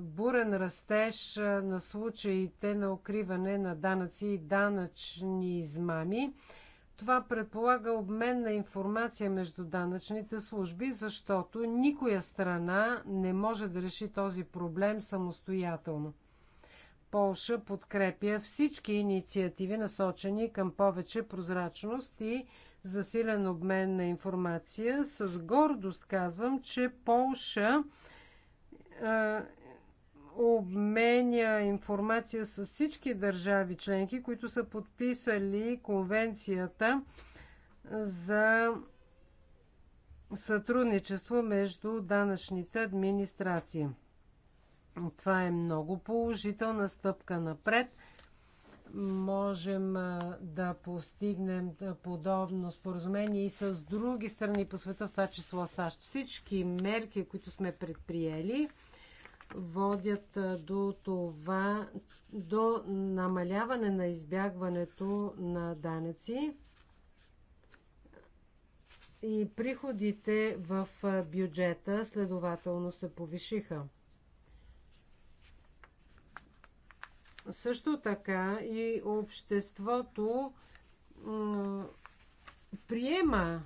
бурен растеж на случаите на укриване на данъци и данъчни измами това предполага обмен на информация между данъчните служби, защото никоя страна не може да реши този проблем самостоятелно. Полша подкрепя всички инициативи, насочени към повече прозрачност и засилен обмен на информация. С гордост казвам, че Полша е, обменя информация с всички държави членки, които са подписали конвенцията за сътрудничество между данъчните администрации. Това е много положителна стъпка напред. Можем да постигнем подобно споразумение и с други страни по света, в това число САЩ. Всички мерки, които сме предприели, водят до това, до намаляване на избягването на данъци и приходите в бюджета следователно се повишиха. Също така и обществото приема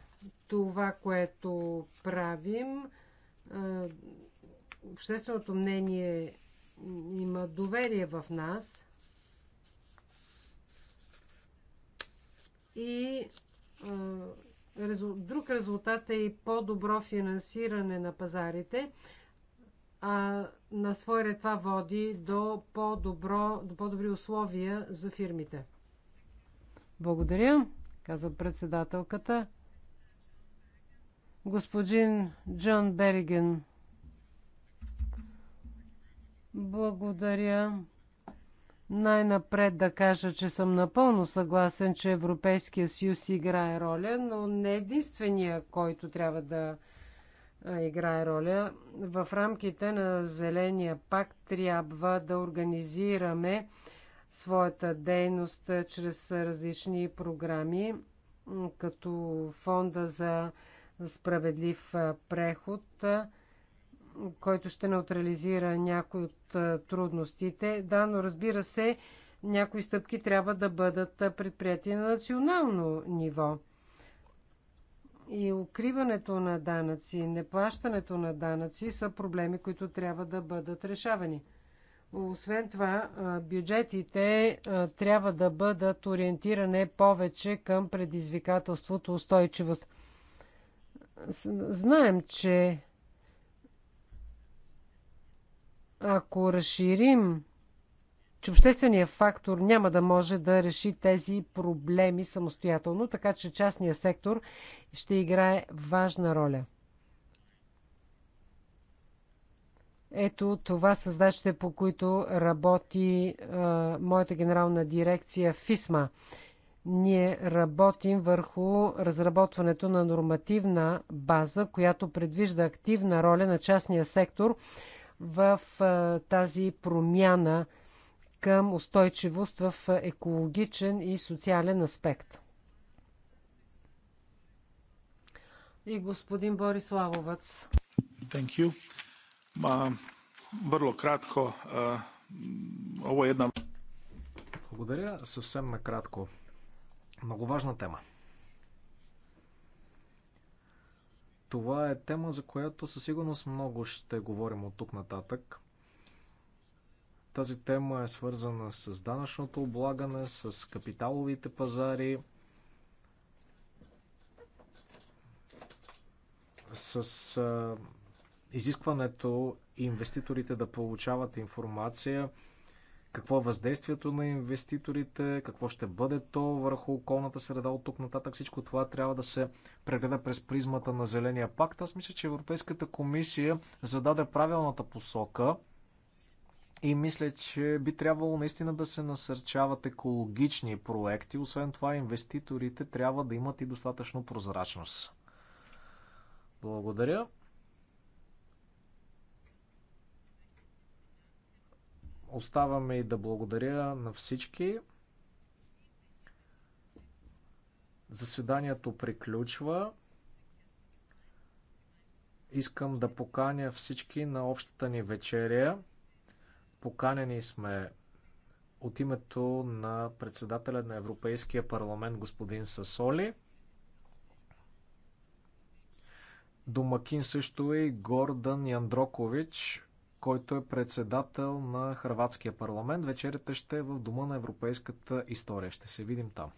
това, което правим, общественото мнение има доверие в нас и друг резултат е и по-добро финансиране на пазарите, а на свой ред това води до, по-добро, до по-добри условия за фирмите. Благодаря, каза председателката. Господин Джон Бериген благодаря. Най-напред да кажа, че съм напълно съгласен, че Европейския съюз играе роля, но не единствения, който трябва да играе роля. В рамките на Зеления пакт трябва да организираме своята дейност чрез различни програми, като Фонда за справедлив преход – който ще неутрализира някои от трудностите. Да, но разбира се, някои стъпки трябва да бъдат предприяти на национално ниво. И укриването на данъци, неплащането на данъци са проблеми, които трябва да бъдат решавани. Освен това, бюджетите трябва да бъдат ориентиране повече към предизвикателството устойчивост. Знаем, че Ако разширим, че общественият фактор няма да може да реши тези проблеми самостоятелно, така че частният сектор ще играе важна роля. Ето това са задачите, по които работи а, моята генерална дирекция ФИСМА. Ние работим върху разработването на нормативна база, която предвижда активна роля на частния сектор в тази промяна към устойчивост в екологичен и социален аспект. И господин Бориславовец. Thank you. Ma, vrlo kratko, uh, Благодаря. Съвсем накратко. Много важна тема. Това е тема, за която със сигурност много ще говорим от тук нататък. Тази тема е свързана с данъчното облагане, с капиталовите пазари, с а, изискването инвеститорите да получават информация какво е въздействието на инвеститорите, какво ще бъде то върху околната среда от тук нататък. Всичко това трябва да се прегледа през призмата на Зеления пакт. Аз мисля, че Европейската комисия зададе правилната посока и мисля, че би трябвало наистина да се насърчават екологични проекти. Освен това, инвеститорите трябва да имат и достатъчно прозрачност. Благодаря. Оставаме и да благодаря на всички. Заседанието приключва. Искам да поканя всички на общата ни вечеря. Поканени сме от името на председателя на Европейския парламент господин Сасоли. Домакин също е и Гордан Яндрокович, който е председател на Хрватския парламент. Вечерята ще е в Дома на европейската история. Ще се видим там.